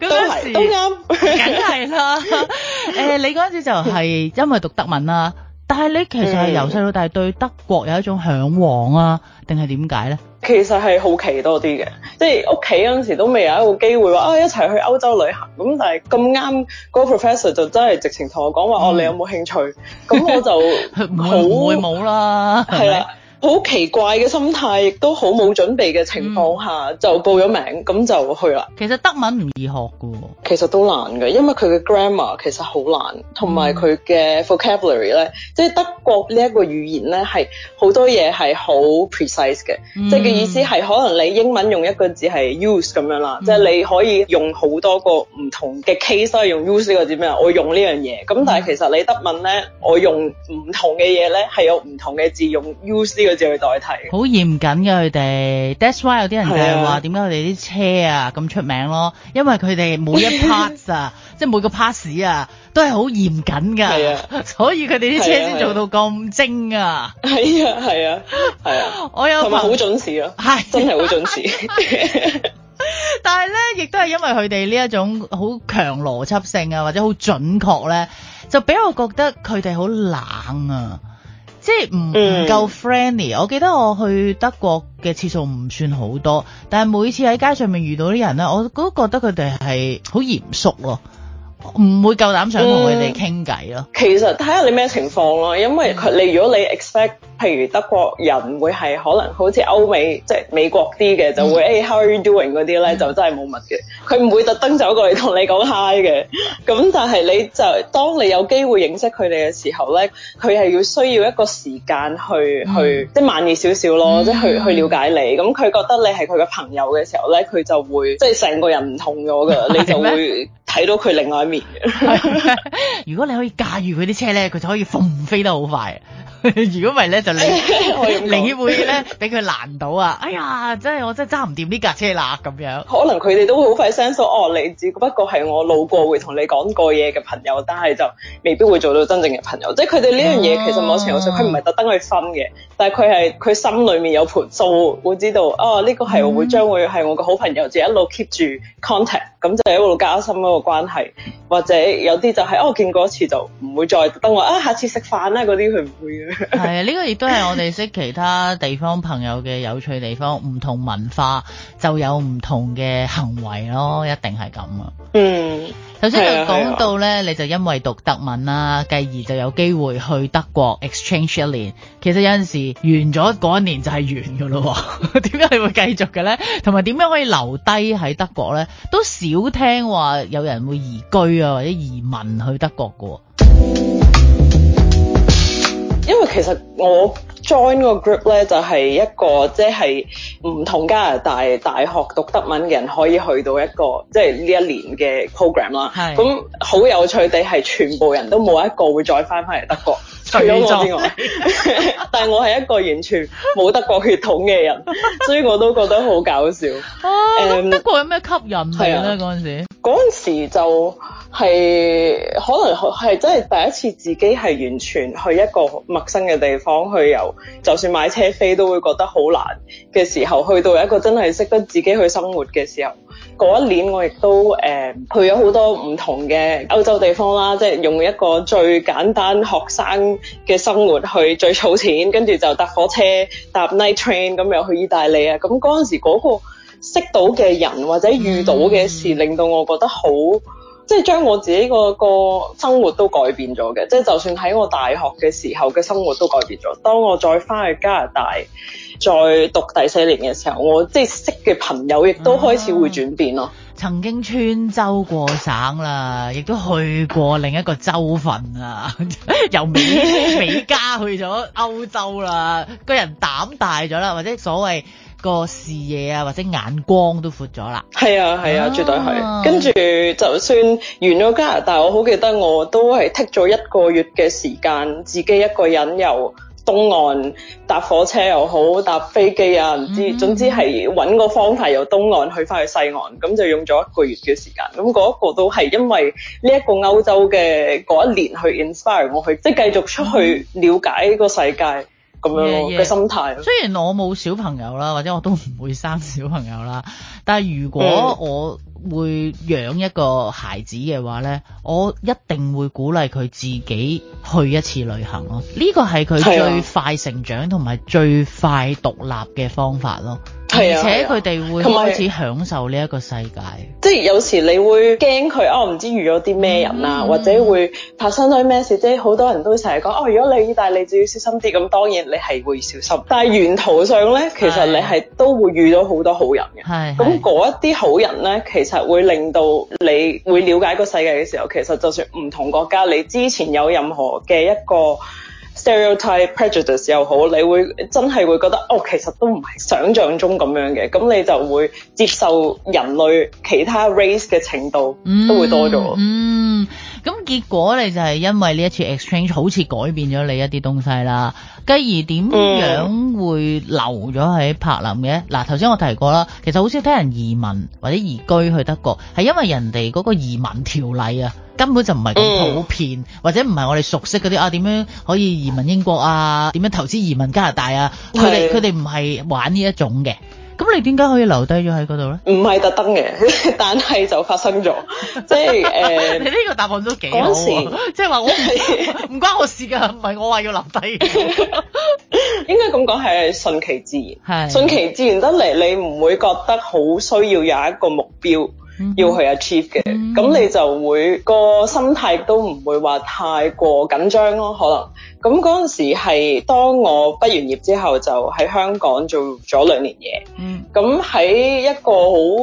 S6: 嗰陣 時都啱，梗係啦。
S1: 誒、 欸，你嗰陣時就係因為讀德文啦。但係你其實係由細到大對德國有一種嚮往啊，定係點解
S5: 呢？其實係好奇多啲嘅，即係屋企嗰陣時都未有一個機會話啊一齊去歐洲旅行，咁但係咁啱嗰個 professor 就真係直情同我講話哦，你有冇興趣？咁、嗯、我就好冇啦，係啦吧。好奇怪嘅心態亦都好冇準備嘅情況下就報咗名，咁就去啦。其實德文唔易
S1: 學嘅，
S5: 其實都難嘅，因為佢嘅 grammar 其實好難，同埋佢嘅 vocabulary 咧，即係德國呢一個語言咧係好多嘢係好 precise 嘅，即係嘅意思係可能你英文用一個字係 use 咁樣啦，即係你可以用好多個唔同嘅 case 所以用 use 個字咩，啊，我用呢樣嘢。咁但係其實你德文咧，我用唔同嘅嘢咧係有唔同嘅字用 use。去代替，
S1: 好嚴謹嘅佢哋。That's why 有啲人就係話點解佢哋啲車啊咁出名咯，因為佢哋每一 part 啊， 即係每個 pass 啊，都係好嚴謹㗎。係啊，所以佢哋啲車先做到咁精啊。係啊，
S5: 係啊，係啊。啊我有好準時咯、啊，係 真係好準時。
S1: 但係咧，亦都係因為佢哋呢一種好強邏輯性啊，或者好準確咧，就比較覺得佢哋好冷啊。即係唔夠 friendly。我記得我去德國嘅次數唔算好多，但係每次喺街上面遇到啲人咧，我都覺得佢哋係好嚴肅喎。唔會夠膽想同佢哋傾偈咯。
S5: 其實睇下你咩情況咯，因為佢你如果你 expect，譬如德國人會係可能好似歐美即係美國啲嘅，就會誒、嗯、how are you doing 嗰啲咧，就真係冇乜嘅。佢唔會特登走過嚟同你講 Hi 嘅。咁但係你就當你有機會認識佢哋嘅時候咧，佢係要需要一個時間去、嗯、去即係慢熱少少咯，即係去、嗯、去了解你。咁佢、嗯、覺得你係佢嘅朋友嘅時候咧，佢就會即係成個人唔同咗噶，嗎你就會。睇到佢另外一
S1: 面。 如果你可以駕馭佢啲車咧，佢就可以飛得好快。如果唔係咧，就你會咧
S5: 俾佢攔到啊！
S1: 哎呀，真係我真係揸唔掂呢架車啦咁樣。
S5: 可能佢哋都會好快 sense 哦，你，只不過係我路過會同你講過嘢嘅朋友，但係就未必會做到真正嘅朋友。即係佢哋呢樣嘢其實冇情有義，佢唔係特登去分嘅，但係佢係佢心裡面有盤數，會知道哦，呢、呢個係我會將會係我個好朋友，就一路 keep 住 contact，咁就一路加深嗰個關係。或者有啲就係、是，哦見過一次就唔會再等我啊，下次食飯啦，嗰啲佢唔會嘅
S1: 係啊，呢個亦都係我哋識其他地方朋友嘅有趣地方，唔 同文化就有唔同嘅行為咯，一定係咁啊。嗯。首先就講到咧，你就因為讀德文啦，啊啊、繼而就有機會去德國 exchange 一年。其實有陣時完咗嗰一年就係完噶咯，點 解你會繼續嘅咧？同埋點樣可以留低喺德國咧？都少聽話有人會移居啊或者移民去德國嘅。
S5: 因為其實我。Join 個 group 咧就係、是、一個即係唔同加拿大大學讀德文嘅人可以去到一個即係呢一年嘅 program 啦是。係咁好有趣地係全部人都冇一個會再翻返嚟德國，除咗我之外。 但係我係一個完全冇德國血統嘅人， 所以我都覺得好搞笑。啊，um, 德國有咩吸引力咧？嗰陣、啊、時嗰時就係、是、可能係真係第一次自己係完全去一個陌生嘅地方去遊。就算買車飛都會覺得好難嘅時候，去到一個真係識得自己去生活嘅時候，嗰一年我亦都誒去咗好多唔同嘅歐洲地方啦，即係用一個最簡單學生嘅生活去最儲錢，跟住就搭火車搭 night train 咁又去意大利啊。咁嗰陣時嗰個識到嘅人，或者遇到嘅事，mm hmm. 令到我覺得好。即係將我自己個個生活都改變咗嘅，即係就算喺我大學嘅時候嘅生活都改變咗。當我再翻去加拿大再讀第四年嘅時候，我即係識嘅朋友亦都開始會轉變咯、嗯。
S1: 曾經穿州過省啦，亦都去過另一個州份啦，由 美美加去咗歐洲啦，個人膽大咗啦，或者所謂。個視野啊，或者眼光都闊咗啦。
S5: 係 啊，係啊，絕對係。跟住就算完咗加拿大，我好記得我都係 take 咗一個月嘅時間，自己一個人由東岸搭火車又好， 搭飛機啊，唔知總之係揾個方法由東岸去翻去西岸，咁就用咗一個月嘅時間。咁嗰一個都係因為呢一個歐洲嘅嗰一年去 inspire 我，去、mm hmm. 即係繼續出去了解呢個世界。咁樣嘅 Yeah, yeah. 心態。雖
S1: 然我冇小朋友啦，或者我都唔會生小朋友啦。但係如果我會養一個孩子嘅話呢，我一定會鼓勵佢自己去一次旅行咯。呢個係佢最快成長同埋最快獨立嘅方法咯。
S5: 而且佢哋會開始享
S1: 受呢一個世界。 嗯、
S5: 即係有時你會驚佢哦，唔知遇到啲咩人啊，或者會發生啲咩事。即係好多人都成日講哦，如果你意大利就要小心啲。咁當然你係會小心。但係沿途上咧，其實你係都會遇到好多好人嘅。係。咁嗰一啲好人咧，其實會令到你會了解個世界嘅時候，其實就算唔同國家，你之前有任何嘅一個。Stereotype prejudice 又好，你會真係會覺得，哦，其實都唔係想像中咁樣嘅，咁你就會接受人類其他 race 嘅程度都會多咗。Mm, mm.
S1: 咁結果你就係因為呢一次 exchange 好似改變咗你一啲東西啦，繼而點樣會留咗喺柏林嘅？嗱，頭先我提過啦，其實好少聽人移民或者移居去德國，係因為人哋嗰個移民條例啊，根本就唔係咁普遍，嗯、或者唔係我哋熟悉嗰啲啊，點樣可以移民英國啊？點樣投資移民加拿大啊？佢哋佢哋唔係玩呢一種嘅。咁你點解可以留低咗喺嗰度咧？
S5: 唔係特登嘅， 但係就發生咗，即係誒。Uh, 你呢個答案都幾好。嗰當時即係話我唔 關我事㗎，唔係我話要留低。 應該咁講係順其自然。係是順其自然得嚟，你唔會覺得好需要有一個目標要去 achieve 嘅，咁、mm hmm. 你就會、個心態都唔會話太過緊張咯。可能。咁嗰陣時係當我畢完業之後就喺香港做咗兩年嘢。嗯。咁喺一個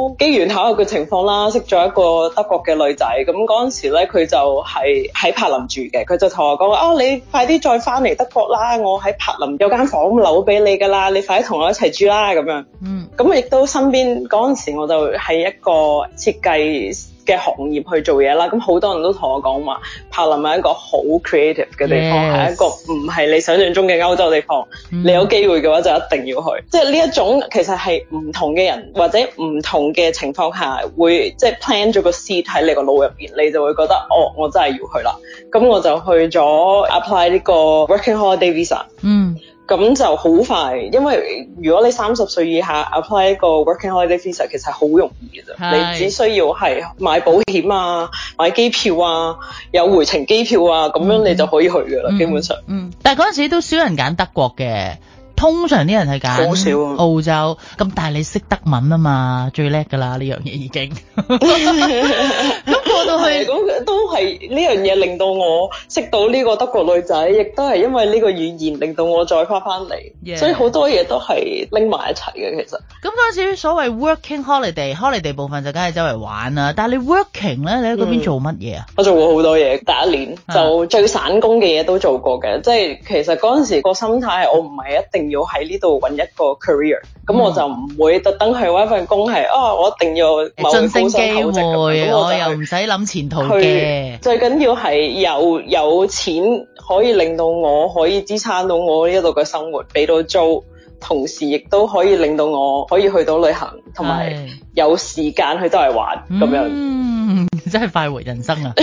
S5: 好機緣巧合嘅情況啦，識咗一個德國嘅女仔。咁嗰陣時咧，佢就係喺柏林住嘅。佢就同我講話，哦，你快啲再翻嚟德國啦，我喺柏林有間房樓俾你㗎啦，你快啲同我一齊住啦咁樣。嗯。咁亦都身邊嗰陣時，我就係一個設計。嘅行業去做嘢啦，咁好多人都同我講話，柏林係一個好 creative 嘅地方，係 Yes. 一個唔係你想像中嘅歐洲地方。Mm. 你有機會嘅話就一定要去，即係呢一種其實係唔同嘅人或者唔同嘅情況下，會即係 plan 咗個 seat 喺你個腦入邊，你就會覺得哦，我真係要去啦。咁我就去咗 apply 呢個 working holiday visa。嗯。咁就好快，因為如果你三十歲以下 apply 一個 working holiday visa 其實係好容易嘅啫，是你只需要係買保險啊、買機票啊、有回程機票啊，咁樣你就可以去嘅啦。嗯、基本上，嗯，嗯，
S1: 但係嗰陣時都少人揀德國嘅。通常啲人係揀澳洲，咁但係你識德文啊嘛，最叻㗎啦呢樣嘢已經。
S5: 咁過到去咁都係呢樣嘢令到我識到呢個德國女仔，亦都係因為呢個語言令到我再返返嚟，所以好多嘢都係拎埋一齊嘅其實。
S1: 咁嗰陣時所謂 working holiday，holiday 部分就梗係周圍玩啦，但係你 working 咧，你喺嗰邊做乜嘢
S5: 啊？我做過好多嘢，第一年就最散工嘅嘢都做過嘅，即係其實嗰陣時個心態係我唔係一定要喺呢度揾一個 career，咁我就唔會特登去揾份工係，嗯、啊我一定要某個高薪厚職咁樣，我就，我又唔使諗前途嘅。最緊要係有有錢可以令到我可以支撐到我呢一度嘅生活，俾到租，同時亦都可以令到我可以去到旅行，同埋，有時間去周圍玩咁樣，嗯，
S1: 真係快活人生啊！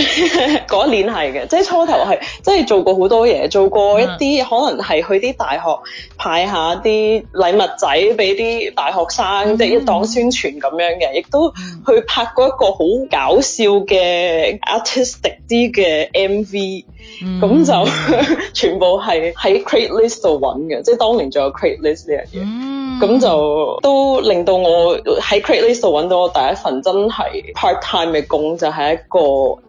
S5: 嗰 年係嘅，即係初頭係，即係做過好多嘢，做過一啲、嗯、可能係去啲大學派一下啲禮物仔俾啲大學生，即係一檔宣傳咁樣嘅，亦都去拍過一個好搞笑嘅 artistic 啲嘅 MV，咁就 全部係喺 Craigslist 度揾嘅，即係當年仲有 Craigslist 呢樣嘢，咁、嗯、就都令到我喺 Craigslist。就揾到我第一份真係 part time 嘅工，就係一個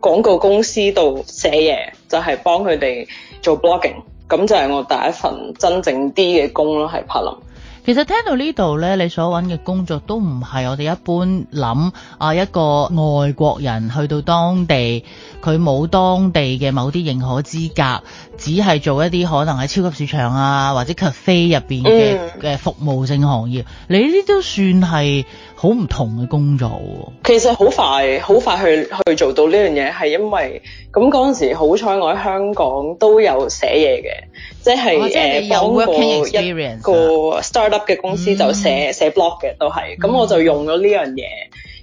S5: 廣告公司度寫嘢，就係幫佢哋做 blogging，咁就係我第一份真正啲嘅工咯，係柏林。
S1: 其實聽到呢度呢，你所揾嘅工作都唔係我哋一般諗啊，一個外國人去到當地，佢冇當地嘅某啲認可資格，只係做一啲可能喺超級市場啊或者 cafe 入邊嘅服務性行業。嗯、你呢啲都算係好唔同嘅工作，
S5: 啊。其實好快好快去去做到呢樣嘢，係因為咁嗰陣時好彩我喺香港都有寫嘢嘅。即係誒幫過一個 startup 嘅公司就寫寫、嗯、寫 blog 嘅都係，咁我就用咗呢樣嘢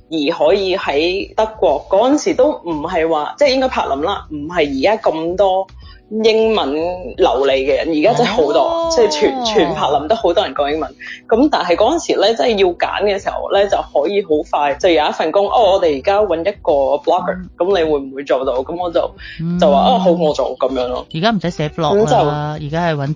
S5: 而可以喺德國嗰陣、嗯、時都唔係話，即係應該柏林啦，唔係而家咁多。英文流利嘅人，而家真係好多，oh。即係全全柏林都好多人講英文。咁但係嗰陣時咧，真係要揀嘅時候咧，就可以好快就有一份工。哦，我哋而家揾一個 blogger，咁、mm。嗯、你會唔會做到？咁我就、嗯、
S1: 就話哦、
S5: 啊，好，好，我做咁樣咯。
S1: 而家唔使寫 blog 啦，而家係揾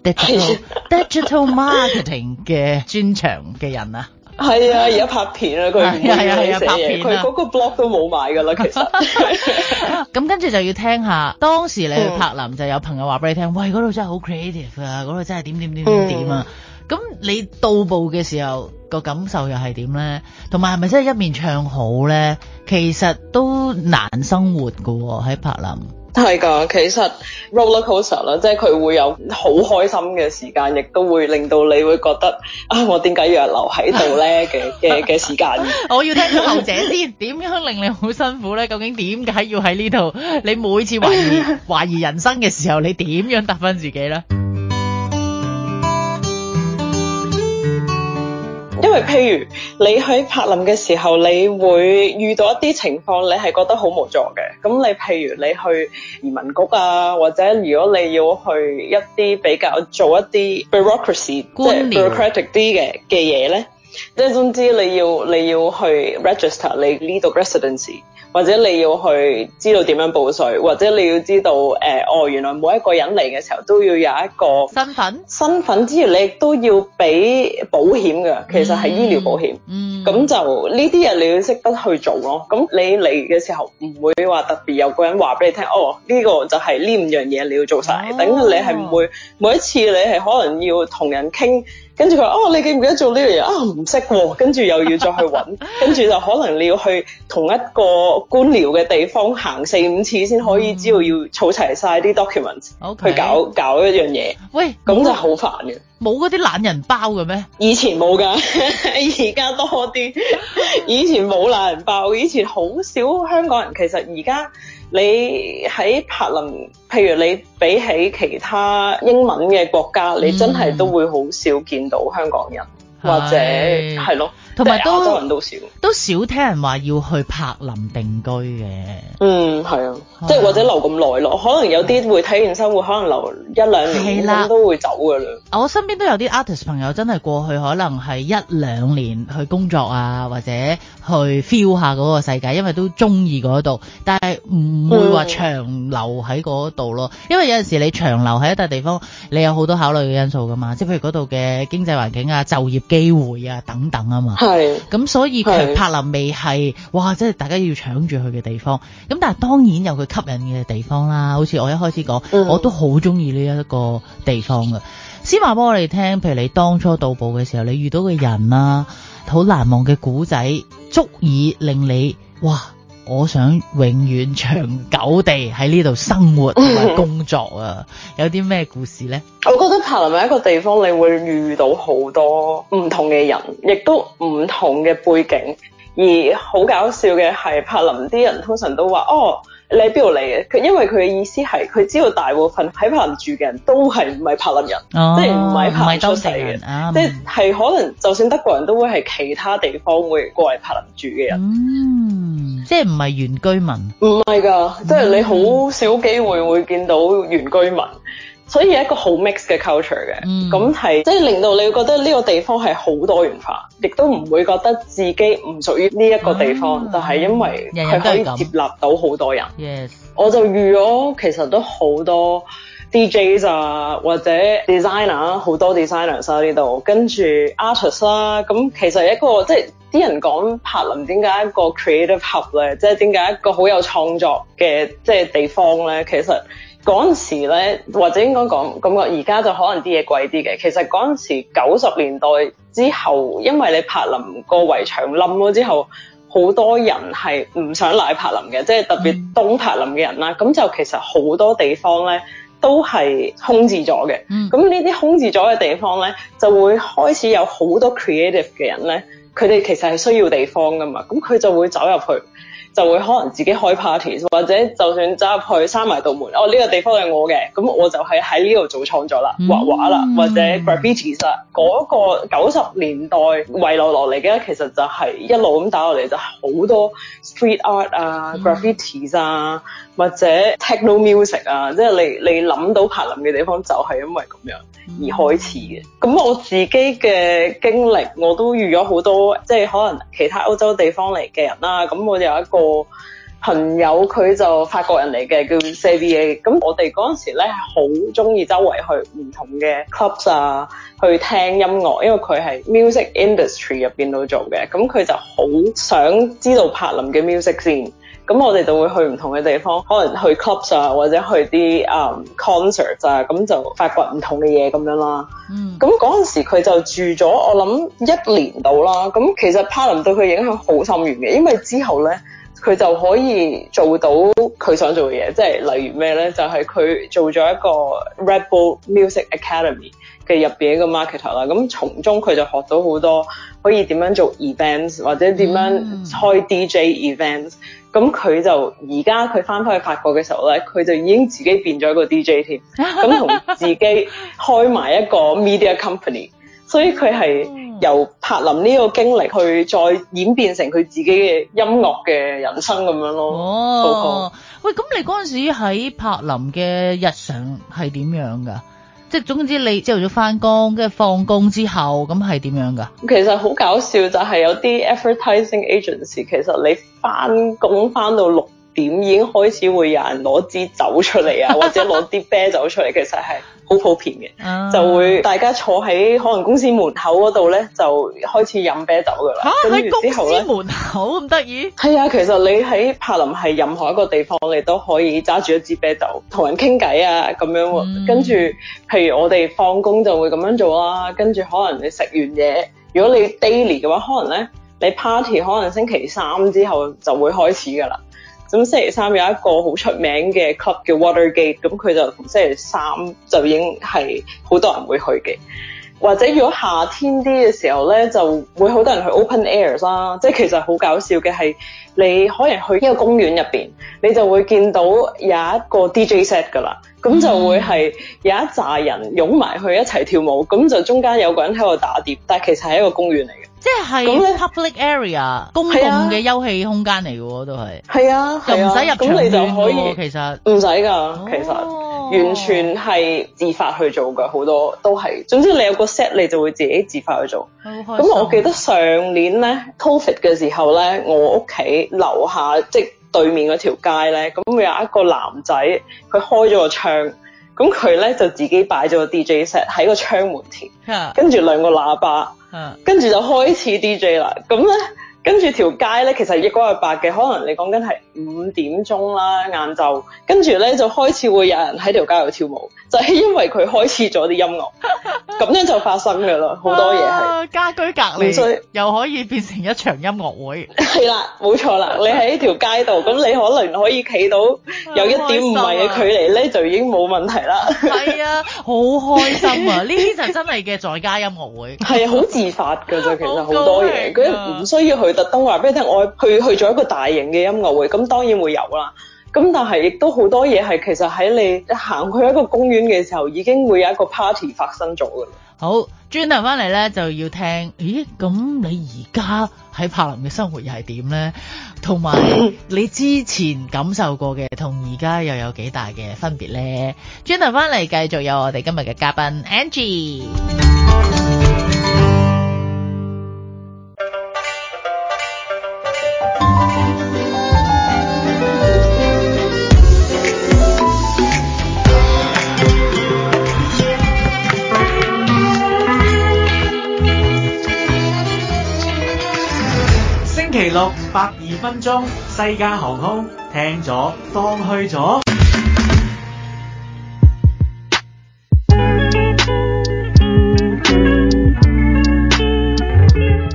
S1: digital marketing 嘅專長嘅人啊。
S5: 係 啊，而家拍片啦，佢唔係啊，啊拍片，佢嗰個 blog 都冇買噶啦，其實。
S1: 咁跟住就要聽下，當時你去柏林就有朋友話俾你聽，喂，嗰度真係好 creative 啊，嗰度真係點點點點點啊。咁、嗯、 你到步嘅時候，個感受又係點咧？同埋係咪真係一面唱好咧？其實都難生活噶喎，啊，喺柏林。
S5: 係噶，其實 roller coaster 啦，即係佢會有好開心嘅時間，亦都會令到你會覺得啊，我點解要留喺度咧嘅嘅嘅時間？ 我要聽到後者先，
S1: 點 樣令你好辛苦咧？究竟點解要喺呢度？你每次懷疑懷疑人生嘅時候，你點樣答翻自己咧？
S5: 譬如你喺柏林嘅時候，你會遇到一啲情況，你係覺得好無助嘅。咁你譬如你去移民局啊，或者如果你要去一啲比較做一啲 bureaucracy，名即係 bureaucratic 啲嘅嘅嘢咧，即係總之你要你要去 register 你呢度 residency。或者你要去知道點樣報稅，或者你要知道誒、呃、哦，原來每一個人嚟嘅時候都要有一個身份身份，之餘你亦都要俾保險嘅，其實係醫療保險咁、嗯嗯、就呢啲嘢，你要識得去做咯。咁你嚟嘅時候唔會話特別有個人話俾你聽哦，呢、這個就係呢五樣嘢你要做晒，哦、等於你係唔會每一次你係可能要同人傾。跟住佢話，哦，你記唔記得做呢樣嘢？啊、哦，唔識喎。跟住又要再去揾， 跟住就可能你要去同一個官僚嘅地方行四五次先可以知道要儲齊晒啲 documents Okay . 去搞搞一樣嘢。喂，咁就係好煩嘅。冇嗰啲懶人包嘅咩？以前冇㗎，而家多啲。以前冇懶人包，以前好少香港人。其實而家。你喺柏林，譬如你比起其他英文嘅國家，你真係都會好少見到香港人，或者係是咯。同埋都人都，少
S1: 都少聽人話要去柏林定居嘅，嗯，係啊，即係或者留咁耐咯，啊、可能
S5: 有啲會體驗生活，可能留一兩年啦，啊、都會走
S1: 噶啦。我身邊都有啲 artist 朋友真係過去可能係一兩年去工作啊，或者去 feel 下嗰個世界，因為都中意嗰度，但係唔會話長留喺嗰度咯。嗯、因為有陣時你長留喺一笪地方，你有好多考慮嘅因素噶嘛，即係譬如嗰度嘅經濟環境啊、就業機會啊等等啊嘛。係，咁 所以佢柏林未係哇，即係大家要搶住去嘅地方。咁但係當然有佢吸引嘅地方啦，好似我一開始講，嗯、我都好中意呢一個地方嘅。先話俾我哋聽，譬如你當初到步嘅時候，你遇到嘅人啦，啊，好難忘嘅古仔，足以令你，哇！我想永遠長久地喺呢度生活同埋工作啊！有啲咩故事呢？
S5: 我覺得柏林係一個地方，你會遇到好多唔同嘅人，亦都唔同嘅背景。而好搞笑嘅係，柏林啲人通常都話：哦，你喺邊度嚟嘅？佢因為佢嘅意思係佢知道大部分喺柏林住嘅人都係唔係柏林人，哦、即係唔係柏林出嚟嘅，即係可能就算德國人都會係其他地方會過嚟柏林住嘅人。嗯
S1: 即係唔係原居民？唔
S5: 係㗎，嗯、即係你好少機會會見到原居民，所以係一個好 mix 嘅 culture 嘅。咁係、嗯、即係令到你覺得呢個地方係好多元化，亦都唔會覺得自己唔屬於呢一個地方，但係、嗯、因為佢可以接納到好多人。
S6: Yes。
S5: 我就預咗其實都好多 DJ 啊，或者 designer，好多 designers 喺呢度，跟住 artists 啦、啊。咁其實一個即係。啲人講柏林點解一個 creative hub 咧，即係點解一個好有創作嘅即係地方咧？其實嗰陣時咧，或者應該講感覺而家就可能啲嘢貴啲嘅。其實嗰陣時九十年代之後，因為你柏林個圍牆冧咗之後，好多人係唔想賴柏林嘅，即係特別東柏林嘅人啦。咁就其實好多地方咧都係空置咗嘅。咁呢啲空置咗嘅地方咧，就會開始有好多 creative 嘅人咧。佢哋其實係需要地方㗎嘛，咁佢就會走入去，就會可能自己開 party 或者就算走入去閂埋道門， 哦，呢、呢個地方係我嘅，咁我就係喺呢度做創作啦、畫畫啦，或者 graffiti。其實嗰個九十年代遺留落嚟嘅，其實就係一路咁打落嚟就好多 street art 啊、 graffiti 啊。或者 techno music 啊，即係你你諗到柏林嘅地方就係因為咁樣而開始嘅。咁我自己嘅經歷我都遇咗好多，即係可能其他歐洲地方嚟嘅人啦、啊。咁我有一個朋友佢就法國人嚟嘅，叫 c b a，咁我哋嗰陣時咧係好中意周圍去唔同嘅 clubs 啊，去聽音樂，因為佢係 music industry 入邊度做嘅，咁佢就好想知道柏林嘅 music scene。咁我哋就會去唔同嘅地方，可能去 clubs 啊，或者去啲啊、um, concert 啊，咁就發掘唔同嘅嘢咁樣啦。咁嗰陣時佢就住咗，我諗一年到啦。咁其實柏林對佢影響好深遠嘅，因為之後咧佢就可以做到佢想做嘅嘢，即係例如咩咧，就係佢做咗一個 Red Bull Music Academy 嘅入邊一個 market 啦。咁從中佢就學到好多可以點樣做 events 或者點樣開 DJ events。mm. 咁佢就而家佢翻返去法國嘅時候咧，佢就已經自己變咗一個 DJ 添，咁同自己開埋一個 media company，所以佢係由柏林呢個經歷去再演變成佢自己嘅音樂嘅人生咁樣咯。哦，個
S1: 哥喂，咁你嗰陣時喺柏林嘅日常係點樣噶？即係總之你上上，你朝早翻工，跟住放工之後，咁係點樣㗎？
S5: 其實好搞笑，就係、是、有啲 advertising agency，其實你翻工翻到六點已經開始會有人攞支酒出嚟啊， 或者攞啲啤酒出嚟，其實係。好普遍嘅，啊、就會大家坐喺可能公司門口嗰度呢，就開始飲啤酒噶啦。喺、啊、公司門口咁得意？係啊，其實你喺柏林係任何一個地方，你都可以揸住一支啤酒同人傾偈啊咁樣。嗯、跟住，譬如我哋放工就會咁樣做啦。跟住可能你食完嘢，如果你 daily 嘅話，可能呢，你 party 可能星期三之後就會開始噶啦。咁星期三有一個好出名嘅 club 叫 Watergate，咁佢就星期三就已經係好多人會去嘅。或者如果夏天啲嘅時候咧，就會好多人去 open airs 啦。即係其實好搞笑嘅係，你可能去一個公園入邊，你就會見到有一個 DJ set 噶啦，咁就會係有一紮人擁埋去一齊跳舞，咁就中間有個人喺度打碟，但係其實係一個公園嚟嘅。即係 public area 你
S1: 公共嘅休憩空間嚟㗎，都係。係啊，是啊又唔使入場
S6: 券喎，啊。其
S5: 實唔使㗎，哦、其實完全係自發去做㗎，好多都係。總之你有個 set，你就會自己自發去做。
S6: 咁我記
S5: 得上年咧，COVID 嘅時候咧，我屋企樓下即係、就是、對面嗰條街咧，咁有一個男仔，佢開咗個窗，咁佢咧就自己擺咗個 DJ set 喺個窗門前，嗯、跟住兩個喇叭。嗯，跟住就開始 DJ 啦，咁咧，跟住條街咧，其實亦光一白嘅，可能你講緊係五點鐘啦，晏晝，跟住咧就開始會有人喺條街度跳舞。就係因為佢開始咗啲音樂，咁樣就發生㗎啦，好多嘢係
S1: 家居隔離，所以又可以變成一場音樂會。
S5: 係啦，冇錯啦，你喺一條街度，咁你可能可以企到有一點五米嘅距離咧，就已經冇問題啦。係啊，好開心啊！呢啲就真係嘅在家音樂會。係啊，好自發㗎啫，其實好多嘢，佢唔需要去特登話俾你聽。我去去做一個大型嘅音樂會，咁當然會有啦。咁、嗯、但係亦都好多嘢係其實喺你行去一個公園嘅時候，已經會有一個 party 發生咗嘅。好，轉頭翻嚟咧就
S1: 要聽，咦？咁你而家喺柏林嘅生活又係點呢？同埋你之前感受過嘅同而家又有幾大嘅分別呢？轉頭翻嚟繼續有我哋今日嘅嘉賓 Angie。
S2: 百二分鐘，西加航空聽咗當去咗。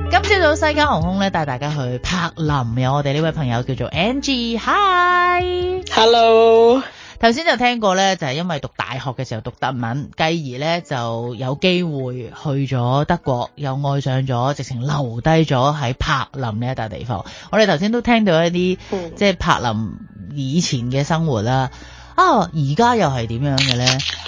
S1: 今朝早西加航空咧，帶大家去柏林，有我哋呢位朋友叫做 Angie，Hi，Hello。Hi! Hello. 頭先就聽過呢，就係、是、因為讀大學嘅時候讀德文，繼而呢就有機會去咗德國，又愛上咗，直情留低咗喺柏林呢一笪地方。我哋頭先都聽到一啲、嗯、即係柏林以前嘅生活啦，啊，而家又係點樣嘅呢？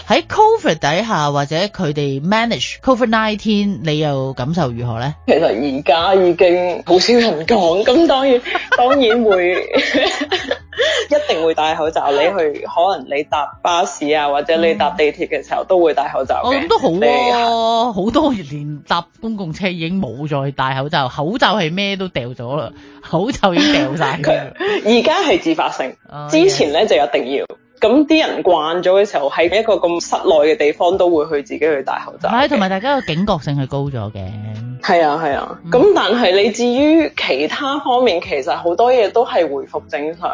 S1: 喺 Covid 底下或者佢哋 manage Covid nineteen，你又感受如何呢？
S5: 其實而家已經好少人講，咁當然 當然會。 一定會戴口罩。你去可能你搭巴士啊，或者你搭地鐵嘅時候都會戴口罩。咁都好啊，
S1: 好多連搭公共車已經冇再戴口罩，口罩係咩都掉咗啦，口罩已經掉晒。佢
S5: 而家係自發性，之前呢，就一定要。咁啲人慣咗嘅時候，喺一個咁室內嘅地方都會去自己去戴口
S1: 罩。係，同埋大家嘅警覺性係高咗嘅。
S5: 係啊，係啊。咁但係你至於其他方面，其實好多嘢都係回復正常。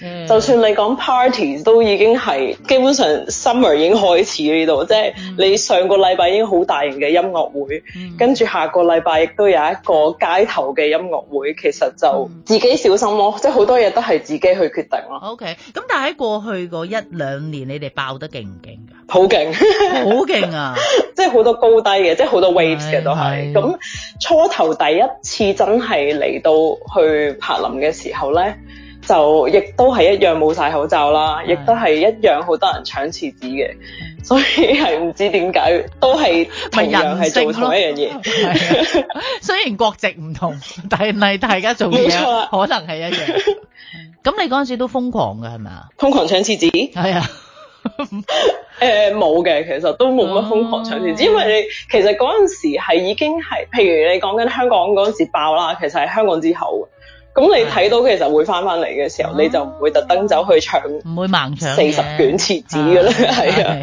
S5: 就算你講 party 都已經係基本上 summer 已經開始呢度， 即係你上個禮拜已經好大型嘅音樂會， 跟住下個禮拜亦都有一個街頭嘅音樂會，其實就自己小心咯、喔， 即係好多嘢都係自己去決定咯。OK，咁但係喺過去嗰一兩年，你哋爆
S1: 得勁唔勁？好
S5: 勁，好勁厲 啊！ 即係好多高低嘅，即係好多 waves 嘅都係。咁初頭第一次真係嚟到去柏林嘅時候呢。就亦都係一樣冇晒口罩啦，亦都係一樣好多人搶廁紙嘅，的所以係唔知點解都係同樣係做同一樣嘢。係啊， 雖然國籍唔同，
S1: 但係大家做嘢、冇錯啊、可能係一樣。咁 你嗰陣時都瘋狂嘅
S5: 係咪啊？瘋狂搶廁紙？係啊。誒冇嘅，其實都冇乜瘋狂搶廁紙，因為你其實嗰陣時係已經係，譬如你講緊香港嗰陣時爆啦，其實係香港之後。咁你睇到其實會翻翻嚟嘅時候，啊、你就唔會特登走去搶，唔會盲搶四十卷廁紙㗎啦。係啊，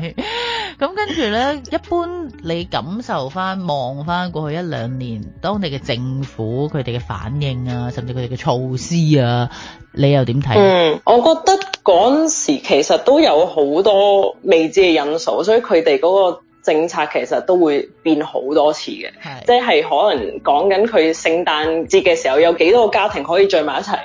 S5: 咁、 啊、Okay. 跟住咧，
S1: 一般你感受翻望翻過去一兩年，當地嘅政府佢哋嘅反應啊，甚至佢哋嘅措施啊，你又點睇？嗯，
S5: 我覺得嗰時其實都有好多未知嘅因素，所以佢哋嗰個。政策其實都會變好多次嘅，是即係可能講緊佢聖誕節嘅時候有幾多個家庭可以聚埋一齊，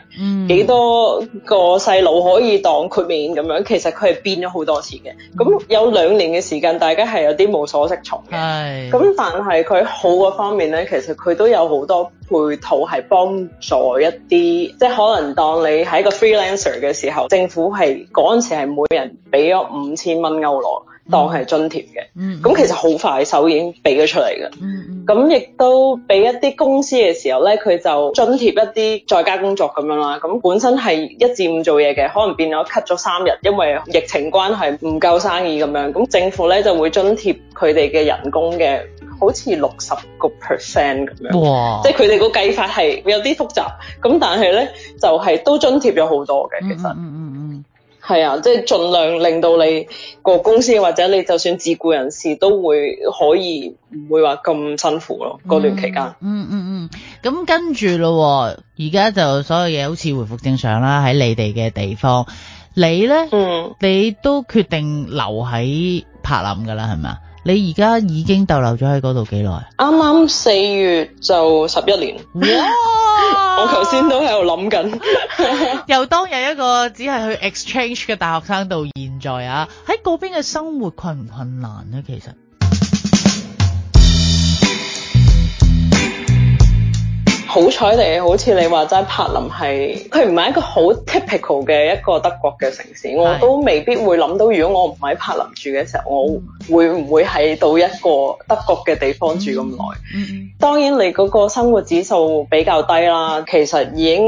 S5: 幾、嗯、多個細路可以當豁免咁樣，其實佢係變咗好多次嘅。咁有兩年嘅時間，大家係有啲無所適從嘅。咁是但係佢好嘅方面呢，其實佢都有好多配套係幫助一啲，即係可能當你喺個 freelancer 嘅時候，政府係嗰陣時係每人俾咗五千蚊歐羅。當係津貼嘅，咁、嗯嗯嗯、其實好快手已經俾咗出嚟嘅，咁亦、嗯嗯、都俾一啲公司嘅時候呢，佢就津貼一啲在家工作咁樣啦。咁本身係一至五做嘢嘅，可能變咗 cut 咗三日，因為疫情關係唔夠生意咁樣，咁政府呢就會津貼佢哋嘅人工嘅，好似六十個 percent 咁樣，
S6: 哇，即係
S5: 佢哋個計法係有啲複雜，咁但係呢就係、是、都津貼咗好多嘅其實。嗯嗯嗯嗯嗯係啊，即係盡量令到你個公司或者你就算自僱人士都會可以唔會話咁辛苦咯。嗰段期間，嗯嗯
S1: 嗯，咁、嗯嗯嗯嗯嗯嗯、跟住咯，而家就所有嘢好似回復正常啦，喺你哋嘅地方，你呢？嗯，你都決定留喺柏林㗎啦，係咪啊？你而家已經逗留咗喺嗰度幾耐？
S5: 啱啱四月就十一年，哇！ 我頭先都喺度諗緊，由當日一個只係去
S1: exchange 嘅大學生到現在啊，喺嗰邊嘅生活困唔困難咧？其實。
S5: 好彩你好似你話齋柏林係佢唔係一個好 typical 嘅一個德國嘅城市，是我都未必會諗到，如果我唔喺柏林住嘅時候，我會唔會喺到一個德國嘅地方住咁耐？嗯嗯、當然你嗰個生活指數比較低啦，其實已經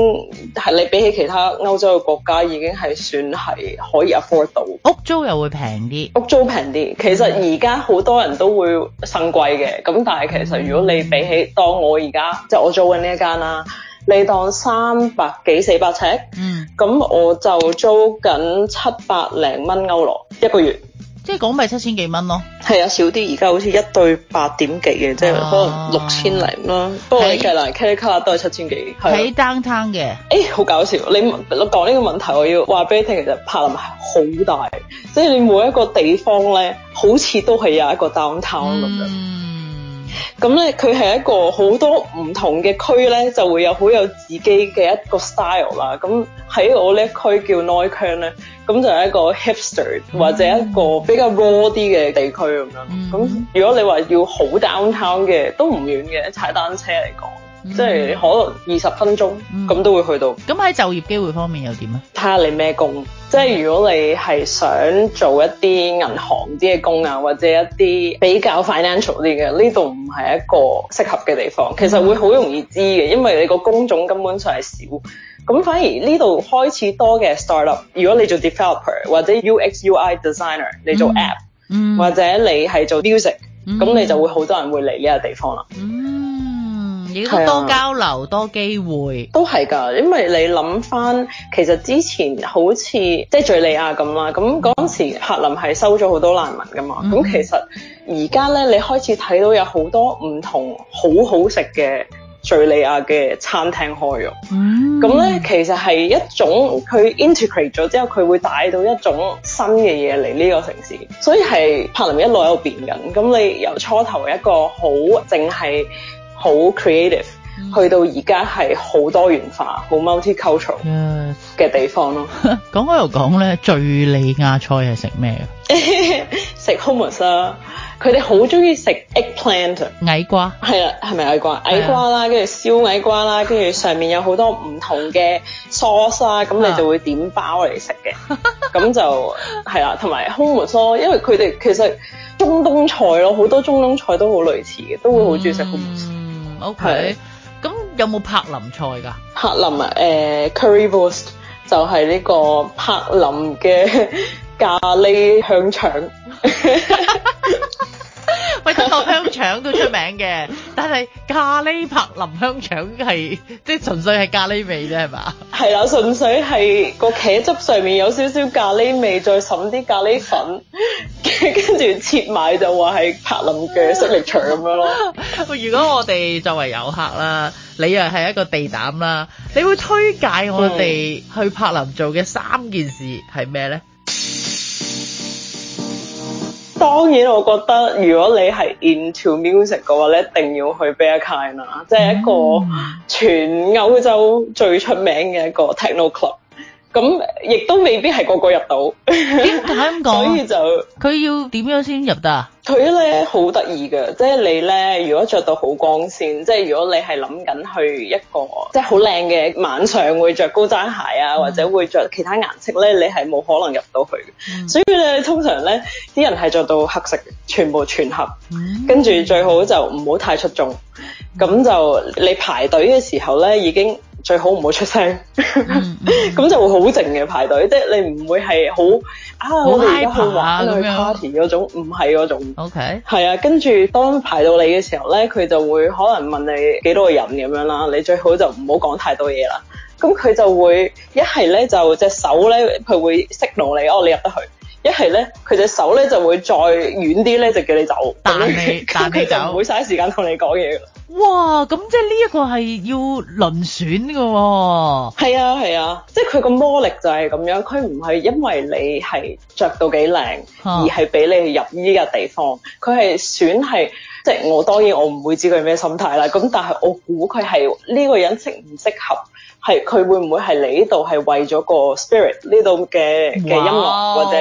S5: 係你比起其他歐洲嘅國家已經係算係可以 afford 到，屋租又會平啲，屋租平啲。其實而家好多人都會新貴嘅，咁但係其實如果你比起、嗯嗯、當我而家即係我租緊呢間啦，你當三百幾四百尺，咁我就租緊七百零蚊歐羅一個月，即係講咪七千幾蚊咯。係啊，少啲而家好似一對八點幾嘅，即係可能六千零啦。啊、不過你計啦，卡里卡納都係七千幾，喺 downtown 嘅。誒、啊欸，好搞笑，你講呢個問題，我要話俾你聽，其實柏林係好大，即係你每一個地方咧，好似都係有一個 downtown 咁樣。嗯咁咧，佢係一個好多唔同嘅區咧，就會有好有自己嘅一個 style 啦。咁喺我呢一區叫 Noi Khan 咧，咁就係一個 hipster、mm hmm. 或者一個比較 raw 啲嘅地區咁樣。咁、mm hmm. 如果你話要好 downtown 嘅，都唔遠嘅，踩單車嚟講。嗯、即係可能二十分鐘咁、嗯、都會去到。咁喺、嗯、就業機會方面又點啊？睇下你咩工。即係如果你係想做一啲銀行啲嘅工啊，或者一啲比較 financial 啲嘅，呢度唔係一個適合嘅地方。其實會好容易知嘅，因為你個工種根本上係少。咁反而呢度開始多嘅 start up。如果你做 developer 或者 UX/UI designer，你做 app、嗯嗯、或者你係做 music，咁、嗯、你就會好多人會嚟呢個地方啦。嗯多交流、啊、多機會，都係㗎，因為你諗翻，其實之前好似即係敍利亞咁啦，咁嗰陣時柏林係收咗好多難民㗎嘛。咁、嗯、其實而家咧，嗯、你開始睇到有好多唔同好好食嘅敍利亞嘅餐廳開咗。
S6: 咁咧
S5: 其實係一種佢 integrate 咗之後，佢會帶到一種新嘅嘢嚟呢個城市，所以係柏林一路有變緊。咁你由初頭一個好淨係。好 creative，、嗯、去到而家係好多元化、好 multicultural 嘅 Yes. 地方咯。
S1: 講開又講咧，敍利亞菜係食咩嘅？
S5: 食 hummus 啦，佢哋好中意食 eggplant 矮瓜，係啦，係咪矮瓜？矮的瓜啦，跟住燒矮瓜啦，跟住上面有好多唔同嘅 sauce 啊，咁你就會點包嚟食嘅，咁的 就係啦。同埋 hummus 咯，mus，因為佢哋其實中東菜咯，好多中東菜都好類似嘅，都會好中意食 hummus。嗯 OK，咁有冇柏林菜㗎？柏林啊，誒，Curry Boost 就係呢個柏林嘅咖喱香腸。
S1: 喂，德國 香腸都出名嘅，但係咖喱柏，柏林香腸係
S5: 即係純粹係咖喱味啫係嘛？係啦，純粹係個茄汁上面有少少咖喱味，再滲啲咖喱粉，跟住切埋就話係柏林嘅色力腸咁樣咯。 如果我哋作為遊客啦，你又係一
S1: 個地膽啦，你會推介我哋去柏林做嘅三件事係
S5: 咩咧？當然，我覺得如果你係 into music 嘅話，你一定要去 Berghain 啊，即係一個全歐洲最出名嘅一個 techno club。咁亦都未必係個個入到，點解咁講？ 所以就佢要
S1: 點樣先入得？
S5: 佢咧好得意㗎，即係、就是、你咧如果着到好光鮮，即、就、係、是、如果你係諗緊去一個即係好靚嘅晚上會着高踭鞋啊，嗯、或者會着其他顏色咧，你係冇可能入到去嘅。嗯、所以咧，通常咧啲人係着到黑色，全部全黑，嗯、跟住最好就唔好太出眾。咁、嗯、就你排隊嘅時候咧，已經。最好唔好出聲，咁 就會好靜嘅排隊， 即係你唔會係好啊，我哋而家去玩去 party 嗰種，唔係嗰種。OK，係啊，跟住當排到你嘅時候咧，佢就會可能問你幾多個人咁樣啦，你最好就唔好講太多嘢啦。咁佢就會一係咧就隻手咧，佢會識路你，哦，你入得去。一係咧，佢隻手咧就會再遠啲咧，就叫你走，咁但咁你佢 就唔會嘥時間同你講嘢啦。哇！咁即係呢一個係要輪選嘅喎，哦。係啊係啊，即係佢個魔力就係咁樣，佢唔係因為你係着到幾靚，啊，而係俾你入呢個地方。佢係選係，即係我當然我唔會知佢咩心態啦。咁但係我估佢係呢個人適唔適合。係佢會唔會係嚟呢度係為咗個 spirit 呢度嘅嘅音樂，或者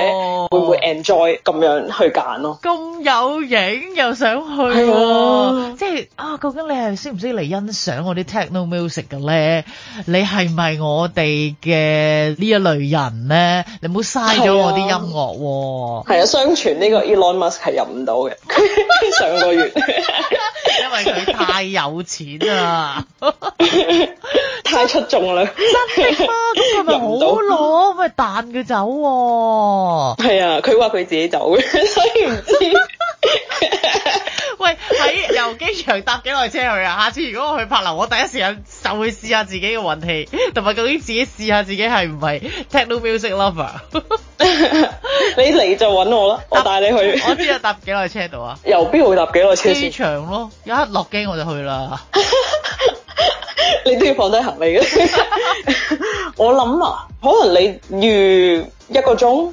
S5: 會唔會 enjoy 咁樣去揀咯？咁有型
S1: 又想去喎！即係啊，究竟你係識唔識嚟欣賞我啲 techno music 㗎咧？你係咪我哋嘅呢一類人咧？你唔好嘥咗我啲音樂喎！係啊，
S5: 相傳呢個 Elon Musk 係入唔到嘅，佢上個月，因為佢太有錢啦，太出眾。真嘅更 嗎？咁佢咪好攞，咪彈佢走係 啊，佢話、啊，佢自己走嘅，所以唔知。
S1: 喂，喺由機場搭幾耐車去啊？下次如果我去柏林，我第一時間就會試下自己嘅運氣，同埋究竟自己試下自己係唔係 techno music lover？
S5: 你嚟就揾我啦，坐我帶你去。我知你啊，搭幾耐車度啊？由邊會搭幾耐車先？機場咯，有一落機我就去啦。 你都要放低行李嘅。 我諗啊，可能你預一個鐘。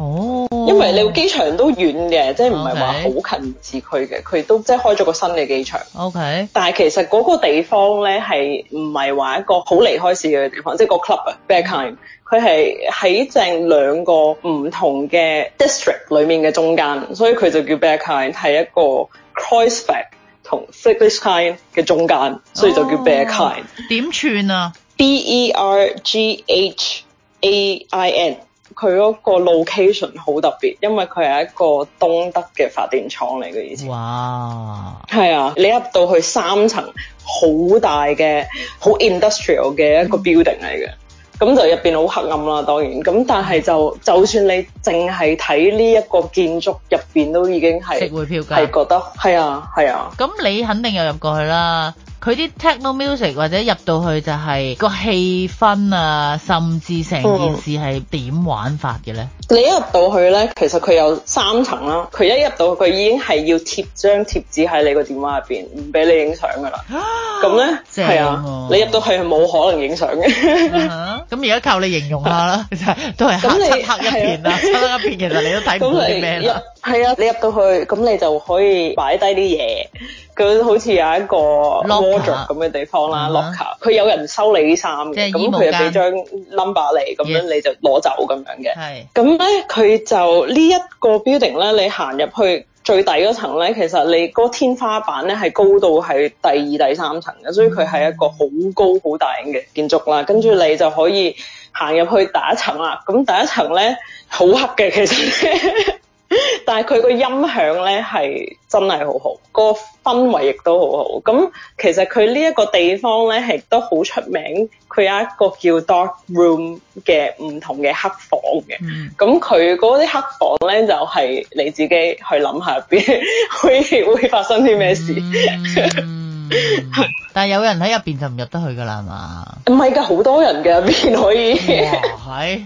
S1: 哦
S6: ，oh. 因為你
S5: 機場都遠嘅，即係唔係話好近市區嘅，佢 Okay. 都即係開咗個新嘅機場。O Okay . K，但係其實嗰個地方咧係唔係話一個好離開市區嘅地方，即係個 club 啊 Berghain 佢係喺正兩個唔同嘅 district 裡面嘅中間，所以佢就叫 Berghain 係一個 Kreuzberg 同 Friedrichshain 嘅中間，所以就叫、oh, Berghain
S1: 點串啊
S5: ？B E R G H A I N 佢嗰個 location 好特別，因為佢係一個東德嘅發電廠嚟嘅，以前。哇！係啊，你入到去三層，好大嘅，好 industrial 嘅一個 building 嚟嘅，咁、嗯、就入邊好黑暗啦。當然，咁但係就就算你淨係睇呢一個建築入邊都已經係，值回票價，係覺得係啊係啊。
S1: 咁你肯定又入過去啦。佢啲 techno music 或者入到去就係個氣氛啊，甚至成件事係點玩法嘅咧？
S5: 你一入到去咧，其實佢有三層啦。佢一入到佢已經係要貼張貼紙喺你個電話入邊，唔俾你影相噶啦。咁咧係啊，你入到去冇可能影相嘅。咁而家靠你形容下啦，都係黑漆黑一片啦，漆黑、 啊、一片，其實你都睇唔到，到咩啦。係啊，你入到、啊、去咁你就可以擺低啲嘢。佢好似有一個 locker 咁嘅地方啦 locker 佢有人收你啲衫嘅，咁佢就俾張 number 嚟，咁樣 Yes. 你就攞走咁樣嘅。係是，咁咧佢就、這個、呢一個 building 咧，你行入去最底嗰層咧，其實你嗰個天花板咧係高度係第二、第三層嘅，所以佢係一個好高好大型嘅建築啦。嗯、跟住你就可以行入去第一層啦，咁第一層咧好黑嘅其實。 但係佢個音響咧係真係好好，個氛圍亦都好好。咁其實佢呢一個地方咧係都好出名，佢有一個叫 Dark Room 嘅唔同嘅黑房嘅。咁佢嗰啲黑房咧就係、是、你自己去諗下入邊會會發生啲咩事。 嗯、
S1: 但係有人喺入邊就唔入得去㗎啦，係嘛？
S5: 唔係㗎，好多人嘅入邊可以。哇，係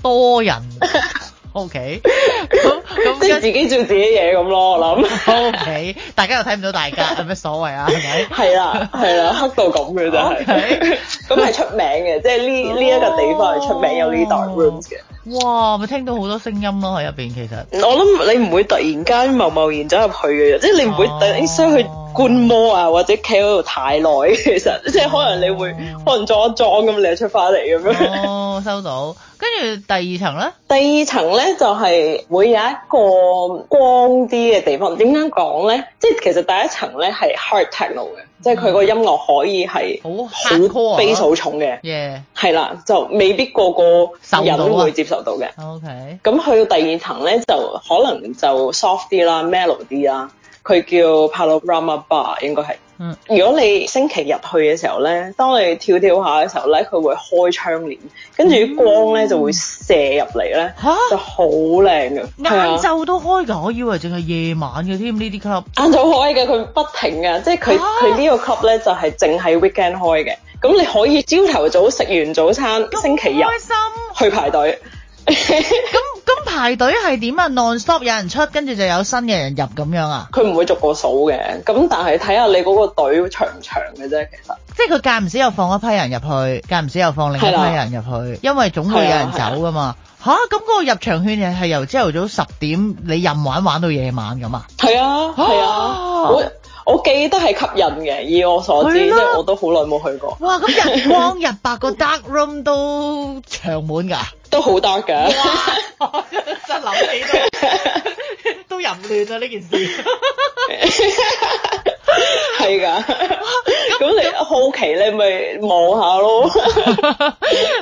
S5: 多人。 O.K. 咁咁即係自己做自己嘢咁咯，我諗。O.K. 大家又睇唔到大家，有咩所謂啊？係咪？係啦，係啦，黑到咁嘅就係。O.K. 咁係出名嘅，即係呢呢一個地方係出名有呢代 room 嘅。
S2: 哇！
S1: 咪聽到好多聲音咯，喺入邊其實
S5: 我諗你唔會突然間貿貿然走入去嘅，哦、即係你唔會突然間想去觀摩啊，或者企喺度太耐。其實即係可能你會、哦、可能撞一撞咁，你就出翻嚟咁樣哦，收到。跟住第二層咧，第二層咧就係、是、會有一個光啲嘅地方。點解講咧？即係其實第一層咧係 hard techno 嘅。即係佢個音樂可以係好 hardcore 好重嘅。係啦 Yeah.，就未必個個人都會接受到嘅。OK，咁去到第二層咧，就可能就 soft 啲啦，melody 啦，佢叫 Panorama Bar 應該係。如果你星期日去嘅時候咧，當你跳跳下嘅時候咧，佢會開窗簾，跟住光咧就會射入嚟咧，嗯、就好靚嘅。晏晝
S1: 都開㗎，啊、我以為淨係夜晚嘅添呢啲 club。
S5: 晏晝開嘅，佢不停嘅，即係佢佢呢個 club 咧就係淨係 weekend 開嘅。咁你可以朝頭早食完早餐，星期日開心去排隊。咁
S1: 咁 排隊係點啊？non stop 有人出，跟住就有新嘅人入咁樣啊？佢唔會逐
S5: 個數嘅，咁但係睇下你嗰個隊長唔長嘅啫，其
S1: 實。即係佢間唔時又放一批人入去，間唔時又放另一批人入去，啊、因為總會有人走噶嘛。吓、啊？咁嗰、啊啊、個入場券係由朝頭早十點你任玩玩到夜晚咁啊？係啊，
S5: 係啊。 我記得係吸引嘅，以我所知，的即係我都好耐冇去過。哇！咁日光日白個 dark room 都長滿㗎，都好 dark 㗎。哇！
S1: 真諗起都都淫亂啊呢件事。
S5: 係㗎。咁你好奇你咪望下咯。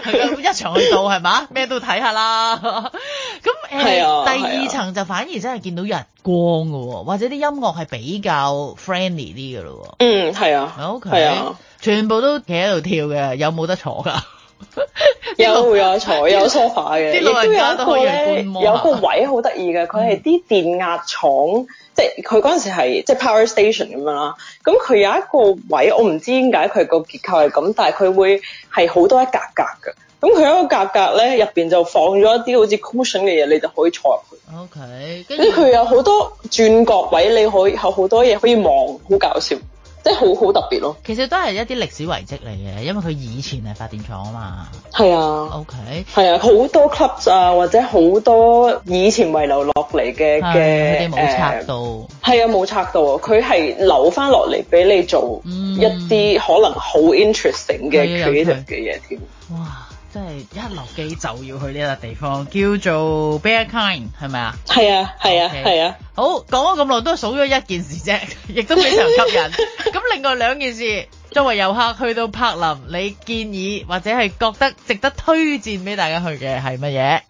S5: 係啊，一場去到係嘛？咩都
S1: 睇下啦。咁誒，第二層就反而真係見到日光嘅喎，或者啲音樂係比較 friendly 啲嘅咯喎。嗯，係啊，好，佢全部都企喺度跳嘅，有冇得坐噶？
S5: 有有坐，有 sofa 嘅。啲老人家都可以觀摩下。有個位好得意嘅，佢係啲電壓廠，即係佢嗰陣時係即係 power station 咁樣啦。咁佢有一個位，我唔知點解佢個結構係咁，但係佢會係好多一格格嘅。咁佢、嗯、一個格格咧，入邊就放咗一啲好似 cushion 嘅嘢，你就可以坐入去。OK，
S6: 跟
S5: 住佢有好多轉角位，你可以有好多嘢可以望，好搞笑，即係好好特別咯。其實都係一啲歷史遺跡嚟嘅，
S1: 因為佢以前係發電廠啊嘛。
S5: 係啊。OK。係啊，好多 club 啊，或者好多以前遺留落嚟嘅嘅冇拆到，係、呃、啊，冇拆到啊，佢係留翻落嚟俾你做一啲可能好 interesting 嘅嘅嘢添。哇！
S1: 即係一落機就要去呢笪地方，叫做 Bear Kind，係咪啊？係啊，係 Okay. 啊，係啊。好，講咗咁耐都數咗一件事啫，亦都非常吸引。咁 另外兩件事，作為遊客去到柏林，你建議或者係覺得值得推薦俾大家去嘅係乜嘢？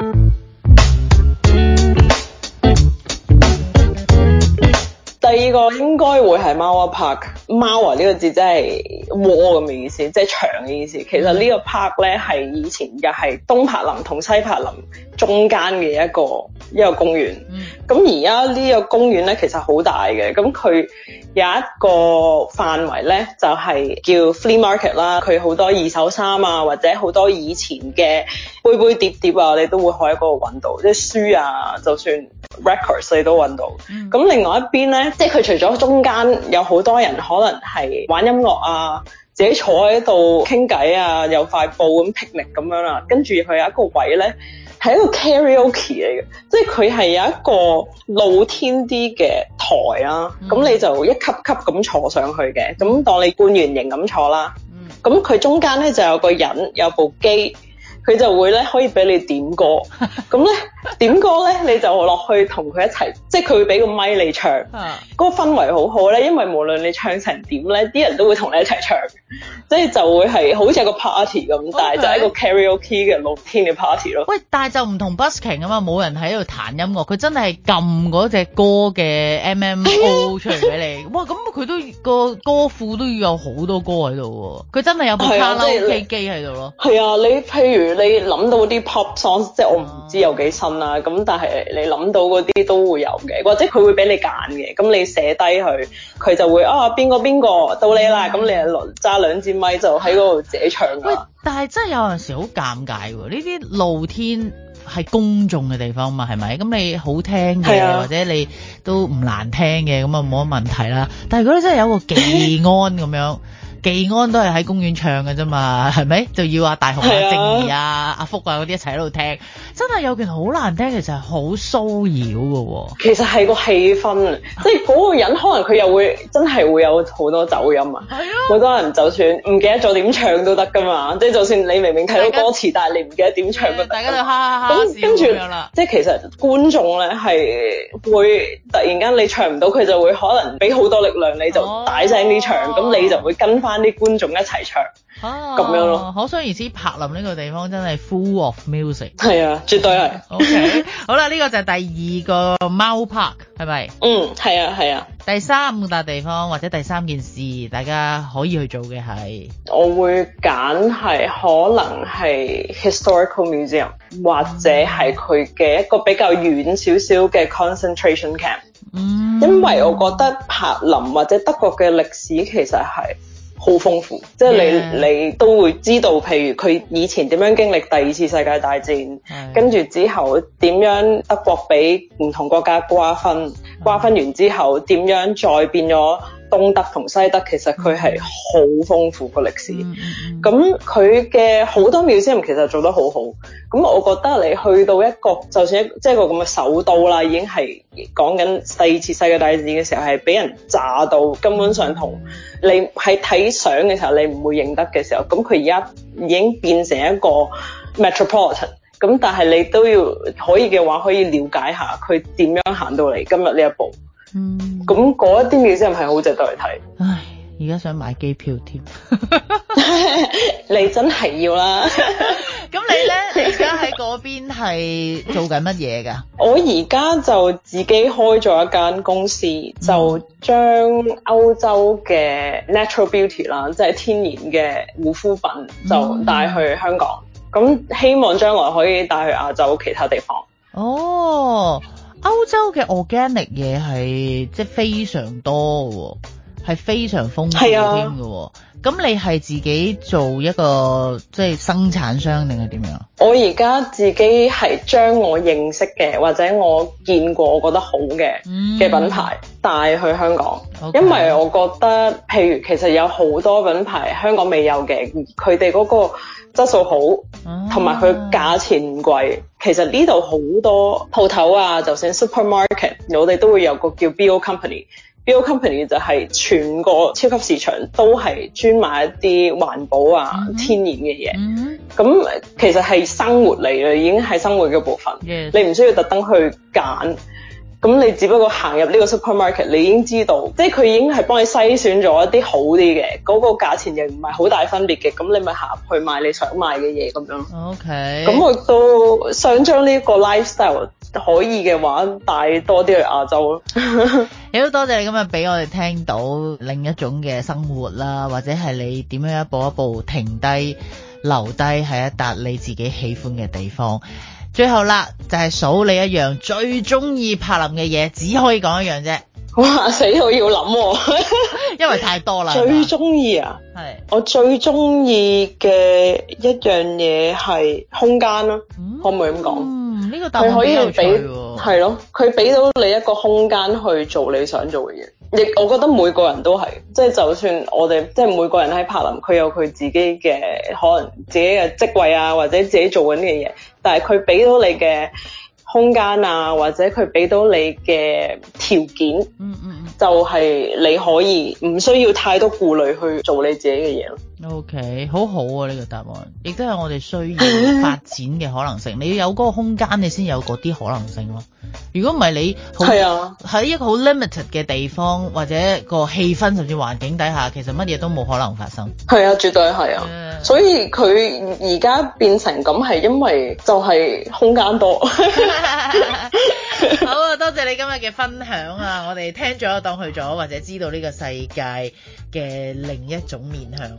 S5: 第二個應該會係 Mauerpark。貓啊！呢個字真係窩咁嘅意思，即係牆嘅意思。其實個呢個 park 咧，係以前嘅係東柏林同西柏林中間嘅一個一個公園。咁、嗯、而家呢個公園咧其實好大嘅，咁佢有一個範圍咧就係、是、叫 flea market 啦，佢好多二手衫啊，或者好多以前嘅杯杯碟碟啊，你都會喺嗰度揾到。即係書啊，就算 records 你都揾到。咁、嗯、另外一邊咧，即係佢除咗中間有好多人可。可能係玩音樂啊，自己坐喺度傾偈啊，有塊布咁 picnic 咁樣啦、啊。跟住佢有一個位咧，係一個 karaoke 嚟嘅，即係佢係有一個露天啲嘅台啊。咁、mm hmm. 你就一級級咁坐上去嘅，咁當你半圓形咁坐啦。咁佢、mm hmm. 中間咧就有個人有部機，佢就會咧可以俾你點歌。咁咧 點歌咧你就落去同佢一齊。即係佢會俾個咪你唱，嗰、啊、個氛圍好好咧，因為無論你唱成點咧，啲人都會同你一齊唱，即係就會係好似個 party 咁，但係就係一個 karaoke 嘅露天嘅 party 咯。喂，但係就唔同 busking
S1: 啊嘛，冇人喺度彈音樂，佢真係撳嗰隻歌嘅 M M 出嚟俾你。哇，咁佢都、嗰個歌庫都要有好多歌喺度喎，佢真係有部卡拉 OK
S5: 機喺度咯。係啊，你譬如你諗到啲 pop song，即係我唔知有幾新啦，咁、嗯、但係你諗到嗰啲都會有。或者佢會俾你揀嘅，咁你寫低佢，佢就會啊邊個邊個到你啦，咁你啊揸兩支咪就喺嗰度自己唱。喂，
S1: 但係真係有陣時好尷尬喎，呢啲露天係公眾嘅地方嘛，係咪？咁你好聽嘅、啊、或者你都唔難聽嘅，咁啊冇乜問題啦。但係如果你真係有個技安咁樣。技安都係喺公園唱嘅啫嘛，係咪？就要阿大雄、阿靜怡、啊阿福啊啲一齊喺度聽，真係有件好難聽，其實係好騷擾嘅。
S5: 其實係個氣氛，即係個人可能佢又會真係會有好多走音啊，好多人就算唔記得咗點唱都得㗎嘛，即係就算你明明睇到歌詞，但係你唔記得點唱，大家都
S1: 哈哈
S6: 哈咁跟住，
S5: 即係其實觀眾咧係會突然間你唱唔到，佢就會可能俾好多力量，你就大聲啲唱，咁你就會跟翻。翻啲觀眾一齊唱哦，咁、啊、樣咯。
S1: 可想而知，柏林呢個地方真係 full of music，係
S5: 啊，絕對係。 o、okay.
S1: K，好啦，呢、呢個就係第二個貓 park 係咪？嗯，係啊，係啊。第三個地方或者第三件事大家可以去做嘅係，
S5: 我會揀係可能係 Historical Museum、嗯、或者係佢嘅一個比較遠少少嘅 concentration camp。嗯，因為我覺得柏林或者德國嘅歷史其實係。好豐富，即係你 Yeah. 你都會知道，譬如佢以前點樣經歷第二次世界大戰，Yeah. 跟住之後點樣德國俾唔同國家瓜分，Yeah. 瓜分完之後點樣再變咗。東德同西德其實佢係好豐富嘅歷史，咁佢嘅好多廟之其實做得好好，咁我覺得你去到一個就算即係個咁嘅、就是、首都啦，已經係講緊第二次世界大戰嘅時候係俾人炸到根本上同你喺睇相嘅時候你唔會認得嘅時候，咁佢而家已經變成一個 metropolitan，咁但係你都要可以嘅話可以了解下佢點樣行到嚟今日呢一步。嗯，咁嗰一啲嘢真係好值得去睇。
S1: 唉，而家想買機票添，
S5: 你真係要啦。咁 你咧，你而家喺嗰邊係做緊乜嘢噶？ 我而家就自己開咗一間公司，就將歐洲嘅 natural beauty 啦，即係天然嘅護膚品，就帶去香港。咁、嗯、希望將來可以帶去亞洲其他地方。
S1: 哦。歐洲嘅 organic 嘢係即係、就是、非常多嘅喎。係非常豐富嘅。
S5: 咁、
S1: 啊、你係自己做一個即係、就是、生產商定係點樣？
S5: 我而家自己係將我認識嘅或者我見過我覺得好嘅嘅品牌、嗯、帶去香港，Okay. 因為我覺得譬如其實有好多品牌香港未有嘅，佢哋嗰個質素好，同埋佢價錢唔貴。其實呢度好多鋪頭啊，就算 supermarket，我哋都會有個叫 bio company。Bio company 就係全個超級市場都係專賣一啲環保啊、天然嘅嘢。咁其實係生活嚟嘅，已經係生活嘅部分。你唔需要特登去揀，咁你只不過行入呢個 supermarket，你已經知道，即係佢已經係幫你篩選咗一啲好啲嘅，嗰個價錢又唔係好大分別嘅，咁你咪行入去買你想買嘅嘢咁樣。OK。咁我都想將呢個 lifestyle。可以嘅話，帶多啲去亞洲咯。好 多謝你今日俾我
S1: 哋聽到另一種嘅生活啦，或者係你點樣一步一步停低留低喺一笪你自己喜歡嘅地方。最後啦，就係、是、數你一樣最中意柏林嘅嘢，只可以講一樣啫。哇，死我要諗，
S5: 因為太多啦。最中意啊？係是我最中意嘅一樣嘢係空間咯，嗯、可唔可以咁講？嗯佢可以俾、哦，係咯，佢俾到你一個空間去做你想做嘅嘢。亦我覺得每個人都係，即係就算我哋，即係每個人喺柏林，佢有佢自己嘅可能，自己嘅職位啊，或者自己做緊嘅嘢。但係佢俾到你嘅空間啊，或者佢俾到你嘅條件，嗯嗯，就係你可以唔需要太多顧慮去做你自己嘅嘢咯。
S1: OK，好好啊！呢個答案，亦都係我哋需要發展嘅可能性。 你要有嗰個空間，你先有嗰啲可能性咯。如果唔係你，係啊，喺一個好 limited 嘅地方或者個氣氛甚至環境底下，其實乜嘢都冇可能發生。
S5: 係啊，絕對係啊。 所以佢而家變成咁，係因為就係空間多。
S1: 好啊，多謝你今日嘅分享啊！我哋聽咗當去咗，或者知道呢個世界嘅另一種面向。